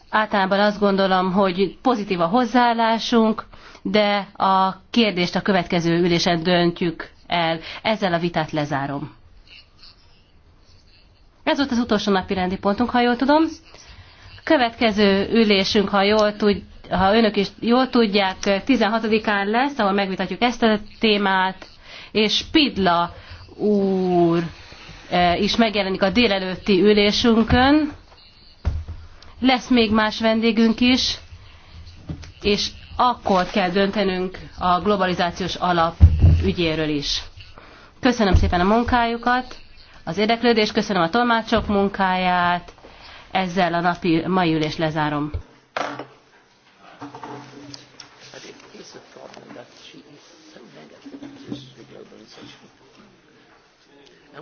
Általában azt gondolom, hogy pozitív a hozzáállásunk, de a kérdést a következő ülésen döntjük el. Ezzel a vitát lezárom. Ez volt az utolsó napi rendi pontunk, ha jól tudom. Következő ülésünk, ha jól tud, ha önök is jól tudják, 16-án lesz, ahol megvitatjuk ezt a témát, és Pidla úr e, is megjelenik a délelőtti ülésünkön. Lesz még más vendégünk is, és akkor kell döntenünk a globalizációs alap ügyéről is. Köszönöm szépen a munkájukat, az érdeklődést, köszönöm a tolmácsok munkáját, ezzel a napi, mai ülést lezárom.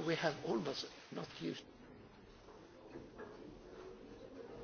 we have almost not used